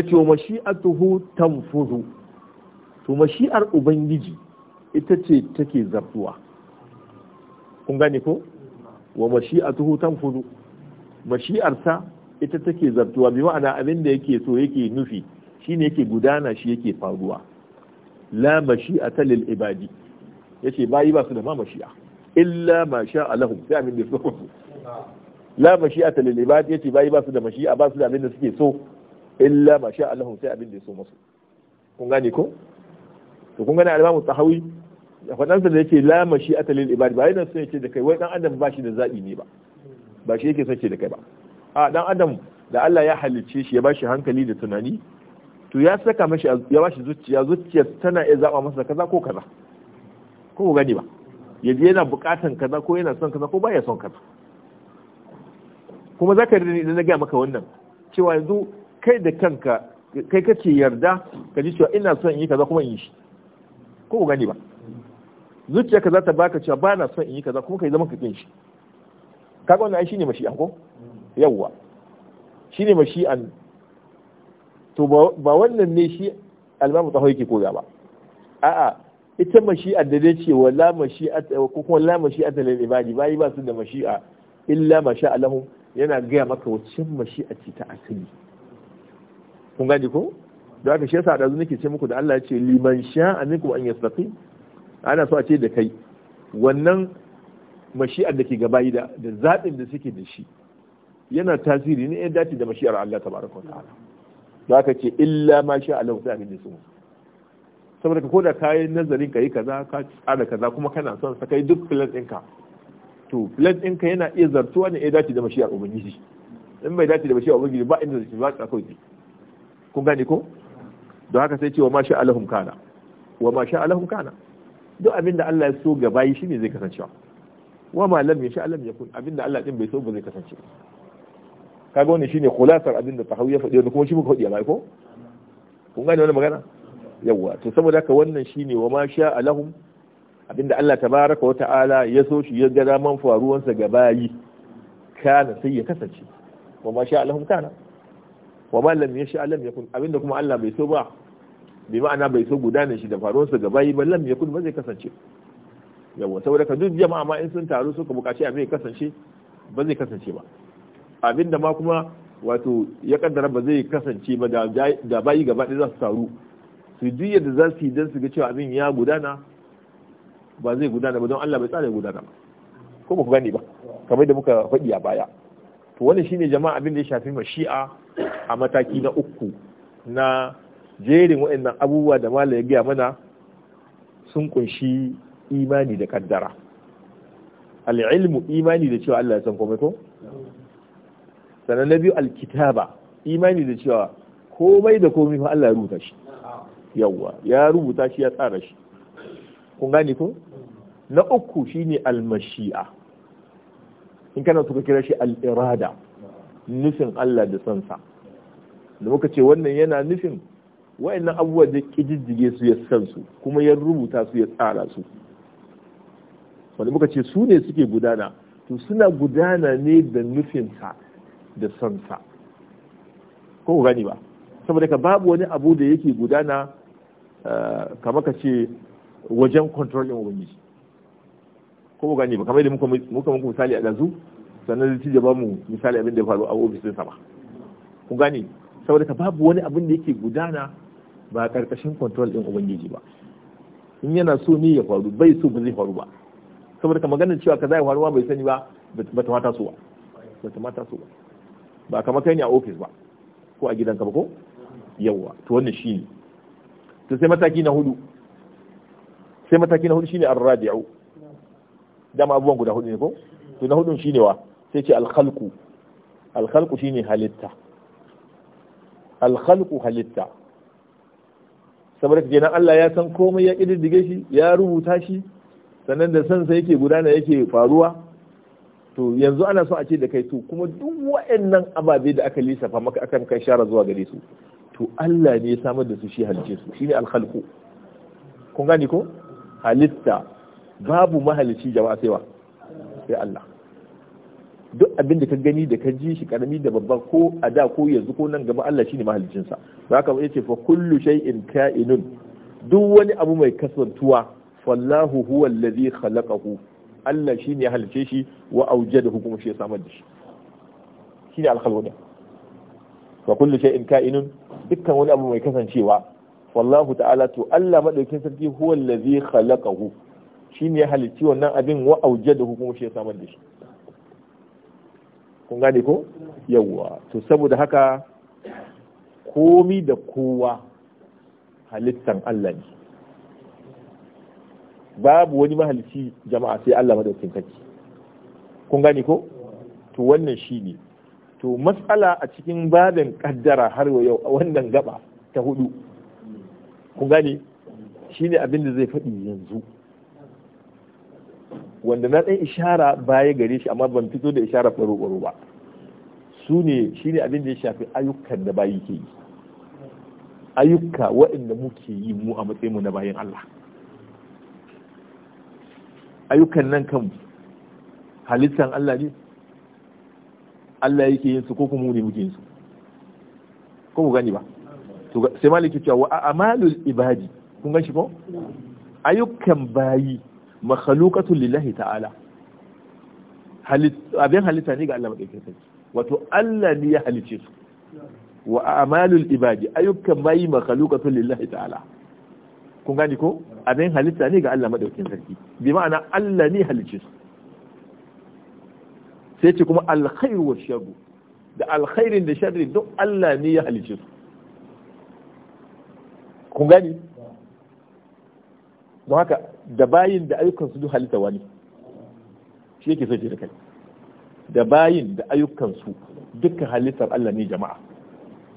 sai ce wa mashi'atuhu tanfuzu to mashi'ar ubangiji ita ce take zartuwa kun gane ko wa mashi'atuhu tanfudu sa ita take zartuwa bi ma'ana abin da yake so yake nufi shine yake gudana shi yake faruwa la mashi'ata lil ibadi yace bayi ba su da ma mashi'a illa ma sha Allah sai abin da suka so la mashi'ata lil ibadi yace bayi ba su da mashi'a ba su da abin da suke so illa ma sha Allah sai abin da ya so musu kun gane ko to kun gane al-Imam Tahawi da fadansa da yake la mashi'ata lil ibadi ba yana sun yace da kai wai dan adam ba shi da zabi ne ba ba shi yake son ce da kai ba a dan adam da Allah ya halicce shi ya ba shi hankali da tunani to ya saka mashi ya bashi zuciya zuciya tana iya zaba masa kaza ko kaza ko ku gani ba je yana bukatan kaza ko yana son kaza ko baya son kaza kuma zaka rini idan na gaya maka wannan cewa yanzu kai da kanka kai kace yarda ka ji cewa ina son in yi kaza kuma in yi shi ko ku gani ba zuciya kaza ta baka cewa ba na son in yi kaza kuma kai zama ka kin shi kaga wannan ai shine mashi'an ko yawwa shine mashi'an to ba wannan ne shi albamu tsaho yake koya ba a'a ita mashi'a da dai ce wa mashi'a ko kuma la mashi'a ta lil ibadi bayi ba su da mashi'a illa masha Allahu yana gaya maka wacin mashi'a ce ta asali kun gani ko da haka shi yasa da zuwa nake ce muku da Allah ya ce liman sha'a minkum an yastaqim ana so a ce da kai wannan mashi'ar da ke gaba da zaɓin da suke da shi yana tasiri ne ya dace da mashi'ar Allah tabaraka wa ta'ala za ka ce illa ma sha Allah sai abin da su saboda ka koda kayan nazarin ka yi kaza ka tsara kaza kuma kana son sa kai duk plan ka. to plan ka yana iya zartuwa ne ya dace da mashiyar ubangiji in bai dace da mashiyar ubangiji ba inda zai ba ka kawai kun gane ko don haka sai cewa ma sha Allahum kana wa ma sha Allahum kana duk abin da Allah ya so gaba yi shine zai kasancewa wa ma lam yasha Allah yakun abin da Allah din bai so ba zai kasance kaga wannan shine khulasar abin da tahawi ya faɗi wanda kuma shi muka faɗi a baya ko kun gane wannan magana yawa to saboda haka wannan shine wa ma sha alahum abinda Allah tabaraka wa ta'ala ya so shi ya ga faruwan sa ga bayi kana sai ya kasance wa ma sha alahum kana wa ma lam sha lam yakun abinda kuma Allah bai so ba bi ma'ana bai so gudanar shi da faruwan sa ga bayi ba lam yakun ba zai kasance yawa saboda ka duk jama'a ma in sun taru suka bukaci abin ya kasance ba zai kasance ba abinda ma kuma wato ya kaddara ba zai kasance ba da bayi gaba ɗaya za su taru su duk yadda za su yi don su ga cewa abin ya gudana ba zai gudana ba don Allah bai tsara ya gudana ba ko ba ku gani ba kamar da muka faɗi a baya to wannan shine jama'a abin da ya shafi mashi'a a mataki na uku na jerin waɗannan abubuwa da malam ya gaya mana sun kunshi imani da kaddara al'ilmu imani da cewa Allah ya san komai ko sannan na biyu alkitaba imani da cewa komai da komai fa Allah ya rubuta shi yawa ya rubuta shi ya tsara shi kun gane ko na uku shine almashi'a in kana suka kira shi al-irada nufin Allah da sansa da muka ce wannan yana nufin wayannan abubuwa da kijijjige su ya san su kuma ya rubuta su ya tsara su wanda muka ce su ne suke gudana to suna gudana ne da nufinsa da sonsa ko gani ba saboda ka babu wani abu da yake gudana eh, kama ka ce wajen control ɗin ubangiji ko gani ba kamar yadda muka muku misali a gazu sannan zai ba mu misali abin da ya faru a ofisinsa ba ku gani saboda ka babu wani abin da yake gudana ba karkashin control ɗin ubangiji ba in yana so ne ya faru bai so ba zai faru ba saboda ka maganar cewa za ya faruwa bai sani ba ba ta mata so ba ba ta mata so ba ba kamar kai ne a ofis ba ko a gidanka ba ko yawa to wannan shine to sai mataki na hudu sai mataki na hudu shine ar-radi'u ma abubuwan guda hudu ne ko to na hudun shine wa sai ce al-khalqu al-khalqu shine halitta al-khalqu halitta saboda jinan Allah ya san komai ya kididdige shi ya rubuta shi sannan da san sa yake gudana yake faruwa to yanzu ana so a ce da kai to kuma duk wa'annan ababe da aka lissafa maka akan kai shara zuwa gare su to Allah ne ya samar da su shi halice su shine alkhalqu kun gani ko halitta babu mahalici jama'a sai wa sai Allah duk abin da ka gani da ka ji shi karami da babba ko a da ko yanzu ko nan gaba Allah shine mahalicin sa ka ce fa kullu shay'in ka'inun duk wani abu mai kasantuwa wallahu huwa alladhi khalaqahu Allah shi ne ya halice shi wa auje da hukumar shi ya samar da shi shi ne alkhalwada wa kullu shay'in ka'inun dukkan wani abu mai kasancewa wallahu ta'ala to Allah madaukin sarki huwa allazi khalaqahu shi ne ya halici wannan abin wa auje da hukumar shi ya samar da shi kun gane ko yawwa to saboda haka komi da kowa halittan Allah ne babu wani mahalici jama'a sai Allah madaukin sarki kun gani ko to wannan shi ne to matsala a cikin babin kaddara har yau a wannan gaba ta hudu kun gani? shi ne abin da zai faɗi yanzu wanda na ɗan ishara baya gare shi amma ban fito da ishara ɓaro-ɓaro ba su ne shi ne abin da ya shafi ayyukan da bayi ke yi ayyuka waɗanda muke yi mu a matsayinmu na bayan Allah ayyukan nan kan halittan Allah ne Allah yake yin su ko kuma ne muke yin su ko ku gani ba to sai maliki cewa wa amalul ibadi kun gan shi ko ayyukan bayi makhluqatu lillahi ta'ala abin halitta ne ga Allah madaukakin sarki wato Allah ne ya halice su wa amalul ibadi ayyukan bayi makhluqatu lillahi ta'ala kun gani ko abin halitta ne ga Allah madaukin sarki bi ma'ana Allah ne halicci su sai ce kuma alkhairu wa sharru da alkhairin da sharri duk Allah ne ya halicci su kun gani don haka da bayin da ayyukan su duk halitta wani shi yake so ce da kai da bayin da ayyukan su dukkan halittar Allah ne jama'a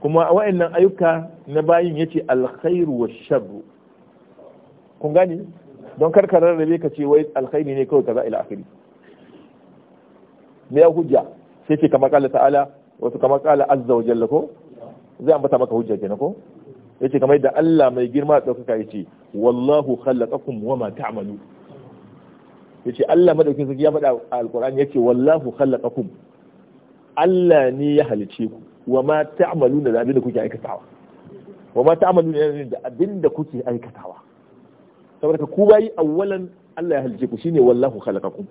kuma wa'annan ayyuka na bayin yace alkhairu wa sharru kun gani don karka rarrabe ka ce wai alkhairi ne kawai kaza ila akhiri me ya hujja sai ce kamar kala ta'ala wato kamar kala azza wa jalla ko zai ambata maka hujja kenan ko yace kamar da Allah mai girma da daukaka yace wallahu khalaqakum wama ta'malu yace Allah madaukin sarki ya faɗa a alqur'ani yace wallahu khalaqakum Allah ne ya halice ku wama ta'maluna da abin da kuke aikatawa wama ta'maluna da abin da kuke aikatawa saboda ku bayi awwalan Allah ya halice ku shine wallahu khalaqakum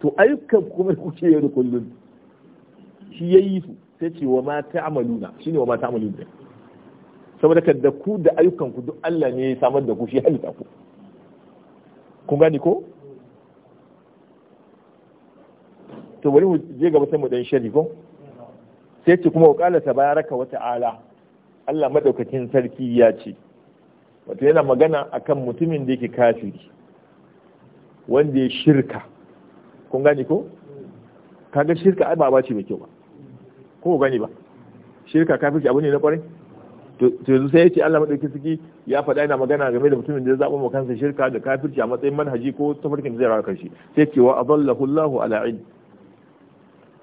to ayyukan kuma kuke yau da kullun shi yayi su sai ce wa ma ta'maluna shine wa ma ta'maluna saboda ka da ku da ayyukan ku duk Allah ne ya samar da ku shi halita ku kun gani ko to bari mu je gaba sai mu dan shari ko sai ce kuma wa qala tabaraka wa ta'ala Allah madaukakin sarki ya ce wata yana magana akan mutumin da yake kafiri wanda ya shirka kun gani ko kaga shirka ai ba ce mai kyau ba ko gani ba shirka kafirci abu ne na kwarai to yanzu sai ya ce Allah madaukakin ya faɗa yana magana game da mutumin da ya zaɓa kansa shirka da kafirci a matsayin manhaji ko tafarkin da zai raka shi sai ce wa adallahu Allahu ala ilm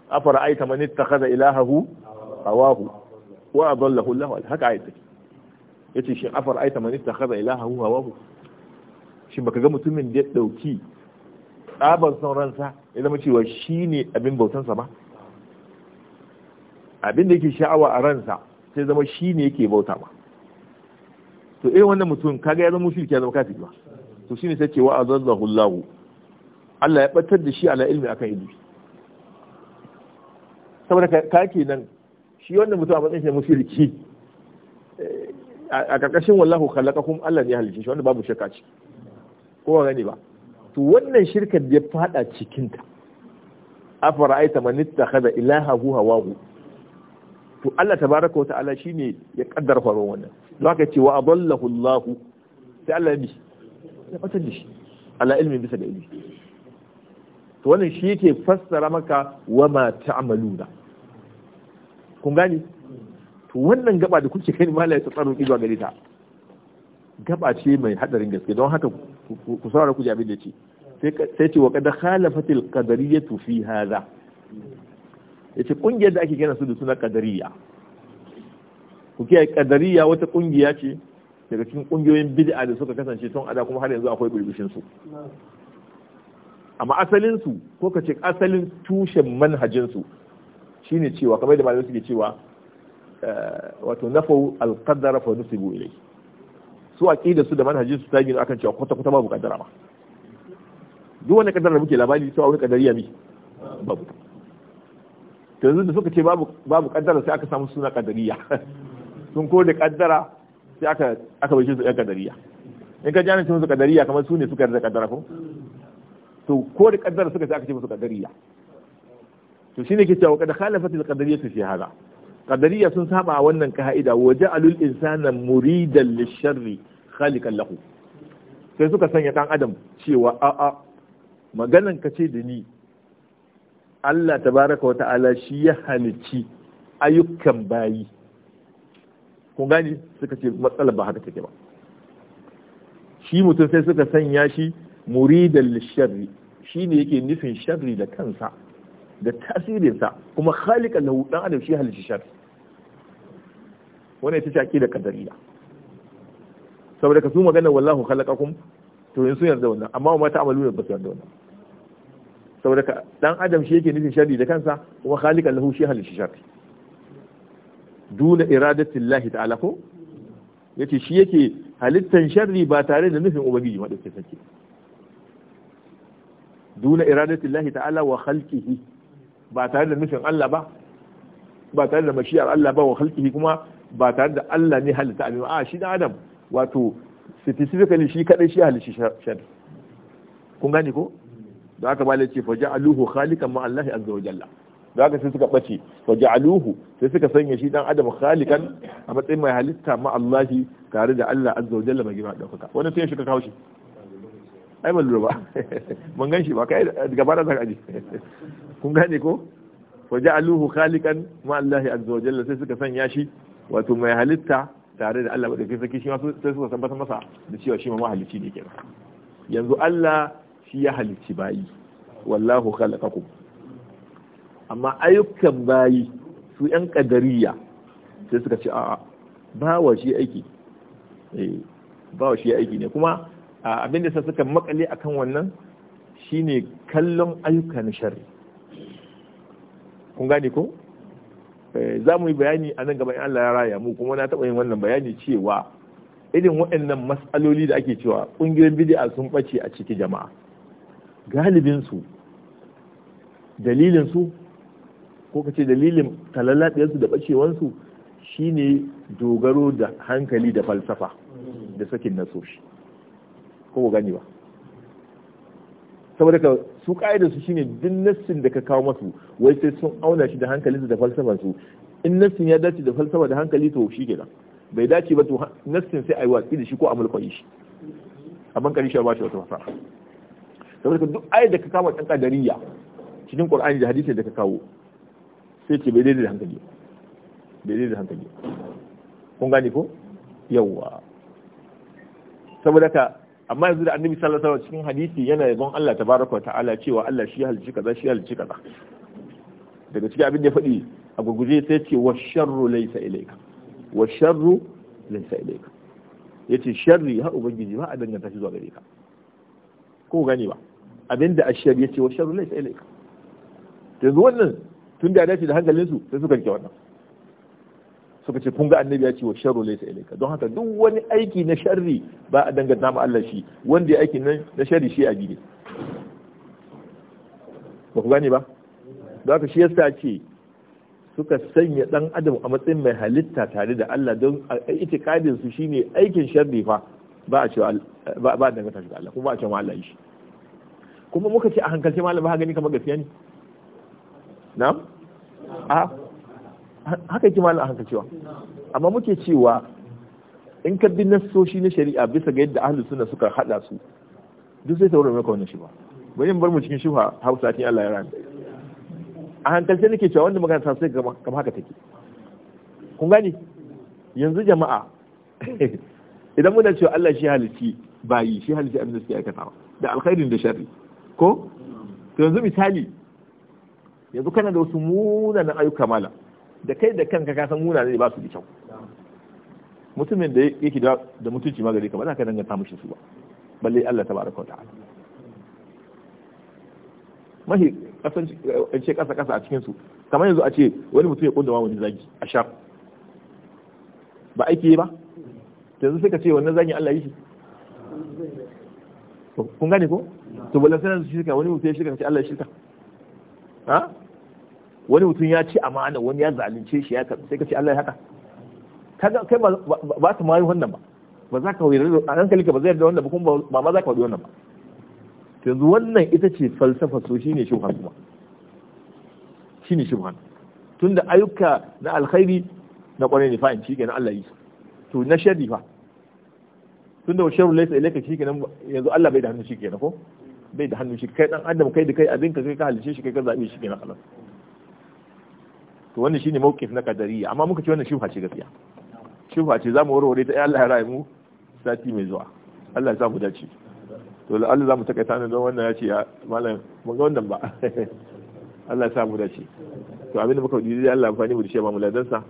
afara aita man ittakhadha ilahahu hawahu wa adallahu Allahu haka ce yace shi afar aita man ittakhadha ilahahu hawahu shi baka ga mutumin da ya dauki tsabar son ransa ya zama cewa shi ne abin bautansa ba abin da yake sha'awa a ransa sai zama shi ne yake bauta ba to irin wannan mutum kaga ya zama mushriki ya zama kafiri ba to shine sai ce wa azallahu Allah Allah ya batar da shi ala ilmi akan ilmi saboda ka nan shi wannan mutum a matsayin shi mushriki a ƙarƙashin wallahu khalaqakum Allah ya halice shi wanda babu shirka ce ko ba gani ba to wannan shirkar da ya fada cikin ta afara'aita man ittakhadha ilahahu hu to Allah tabaraka wa ta'ala shine ya kaddar faron wannan lokaci ce wa adallahu Allah sai Allah bi ya fatar da shi ala ilmin bisa da ilmi to wannan shi yake fassara maka wa ma ta'maluna kun gani to wannan gaba da kuke kai mala ta tsaro izuwa gare ta gaba ce mai hadarin gaske don haka ku saurara ku ji abin da ce sai ce wa kada khalafatil qadariyatu fi hadha yace kungiyar da ake kira su da suna qadariya ku kiyaye qadariya wata kungiya ce daga cikin kungiyoyin bid'a da suka kasance tun ada kuma har yanzu akwai burbushin su amma asalin su ko kace asalin tushen manhajin su shine cewa kamar da malamai suke cewa wato nafau alqadara fa nusibu ilai su aqida su da manhajin su tabi akan cewa kwata kwata babu kaddara ma duk wani kaddara muke labari to wani kaddariya mi babu to yanzu da suka ce babu babu kaddara sai aka samu suna kaddariya sun ko da kaddara sai aka aka bai shi su kaddariya in ka jana sun su kaddariya kamar su ne suka da kaddara ko to ko da kaddara suka sai aka ce musu kaddariya to shine ke cewa kada khalafatil qadariyyah fi hada qadariya sun saba wannan ka'ida wa ja'alul insana muridan lisharri khaliqan lahu sai suka sanya dan adam cewa a a maganan ka ce da ni Allah tabaraka wa ta'ala shi ya halici ayyukan bayi kun gani suka ce matsalar ba haka take ba shi mutum sai suka sanya shi muridan lisharri shi ne yake nufin sharri da kansa da tasirinsa kuma khaliqan lahu dan adam shi halishi shar wannan ita ce aqida qadariya saboda ka su magana wallahu khalaqakum to in sun yarda wannan amma ma amalu ne ba su yarda wannan saboda ka dan adam shi yake nufin shari da kansa kuma khaliqan lahu shi halishi shar duna llahi ta'ala ko yace shi yake halittan sharri ba tare da nufin ubangiji madaukakin sarki duna llahi ta'ala wa khalqihi ba tare da nufin Allah ba ba tare da mashiyar Allah ba wa halkihi kuma ba tare da Allah ne halitta abin a shi dan adam wato specifically shi kadai shi halishi shar kun gane ko da aka bala ce fa ja'aluhu khaliqan ma Allah azza wa jalla da aka sai suka bace fa ja'aluhu sai suka sanya shi dan adam khaliqan a matsayin mai halitta ma Allah tare da Allah azza wa jalla mai gima daukaka wannan sai shi ka kawo shi ai ban lura ba ban gan shi ba kai gaba da zaka aje kun gane ko wa ja'aluhu khaliqan ma Allah azza wa jalla sai suka sanya shi wato mai halitta tare da Allah da sarki shi ma sai suka tabbatar masa da cewa shi ma mahalicci ne kenan yanzu Allah shi ya halicci bayi wallahu khalaqakum amma ayyukan bayi su yan kadariya sai suka ce a'a ba wa shi aiki eh ba wa shi aiki ne kuma abinda sa suka makale akan wannan shine kallon ayyuka na shari kun gane ko eh, za mu yi bayani a nan gaban Allah ya raya mu kuma na taɓa yin wannan bayani cewa irin waɗannan matsaloli da ake cewa ƙungiyar bidi'a sun ɓace a ciki jama'a galibinsu dalilinsu ko ka ce dalilin talalaɗiyarsu da ɓacewansu shine dogaro da hankali da falsafa da sakin nasoshi ko ba gani ba saboda ka su ka'idar su shine duk nassin da ka kawo masu wai sai sun auna shi da hankali da su in nassin ya dace da falsafa da hankali to shi kenan bai dace ba to nassin sai a yi watsi da shi ko a mulkwayi shi abin shi ba shi wata fasaha saboda ka duk ayat da ka kawo ɗan kadariya cikin qur'ani da hadisi da ka kawo sai ce bai daidai da hankali bai daidai da hankali kun gane ko yawwa saboda ka amma yanzu da annabi sallallahu alaihi cikin hadisi yana yabon Allah tabaraka ta'ala cewa Allah shi halicci kaza shi halicci kaza daga cikin abin da ya faɗi a gurguje sai ce wa sharru laysa ilayka wa sharru laysa ilayka yace sharri ha ubangiji ba a danganta shi zuwa gare ka ko gane ba abinda ashar yace wa sharru laysa ilayka yanzu wannan tun da dace da hankalinsu sai suka rike wannan suka ce kun ga annabi ya ce wa sharru laysa ilayka don haka duk wani aiki na sharri ba a danganta ma Allah shi wanda ya aiki na sharri shi a gidi ba ku gane ba don haka shi yasa ce suka sanya dan adam a matsayin mai halitta tare da Allah don itikadin su shine aikin sharri fa ba a cewa ba a danganta shi da Allah kuma ba a cewa Allah shi kuma muka ce a hankalce malam ba gani kamar gaskiya ne na'am a haka yake malam haka cewa amma muke cewa in ka bi nassoshi na shari'a bisa ga yadda ahlus sunna suka hada su duk sai saurara maka wannan ba bari in bar mu cikin shuha Hausa ta Allah ya rani a hankalce nake cewa wanda magana ta sai kamar haka take kun gani yanzu jama'a idan muna cewa Allah shi halici bayi shi halici abin da suke aikatawa da alkhairin da sharri ko to yanzu misali yanzu kana da wasu munanan ayyuka malam da kai da kanka ka san muna ne ba su da kyau mutumin da yake da mutunci ma gare ka ba za ka danganta mushi su ba balle Allah ta baraka ta'ala mahi eh, ce kasa kasa a cikin su kamar yanzu a ce wani mutum ya wa wani zagi a sha ba aiki ba yanzu sai ka ce wannan zagin Allah yi kun gane ko to balan sanar su shirka wani mutum ya shirka ce Allah ya shirka ha wani mutum ya ci amana wani ya zalunce shi ya karɓi sai ka ce Allah ya haɗa kaga kai ba ta mayu wannan ba ba za ka wayar a nan kalika ba zai yarda wannan ba kuma ba ma za ka wuri wannan ba to yanzu wannan ita ce falsafa so ne shubha kuma shine shubha tunda ayyuka na alkhairi na kwarai ne fa'in shi kenan Allah yi to na shari fa tunda sharru laysa ilayka shi kenan yanzu Allah bai da hannu shi kenan ko bai da hannu shi kai dan adam kai da kai abin ka kai ka halice shi kai ka zabe shi kenan Allah to wannan shine mawqif na qadariyya amma muka ce wannan shufa ce gaskiya shufa ce zamu warware ta Allah ya rayu mu sati mai zuwa Allah ya samu dace to Allah zamu takaita nan don wannan ya ce malam mun ga wannan ba Allah ya samu dace to abin da muka yi Allah amfani mu da shi ba mu sa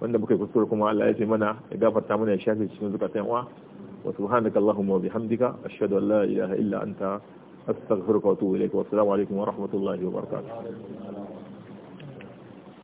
wanda muka yi kuskure kuma Allah ya ce mana ya gafarta mana ya shafe cikin zukatan uwa wa subhanaka allahumma wa bihamdika ashhadu an la ilaha illa anta astaghfiruka wa atubu ilayk wa assalamu alaikum wa rahmatullahi wa barakatuh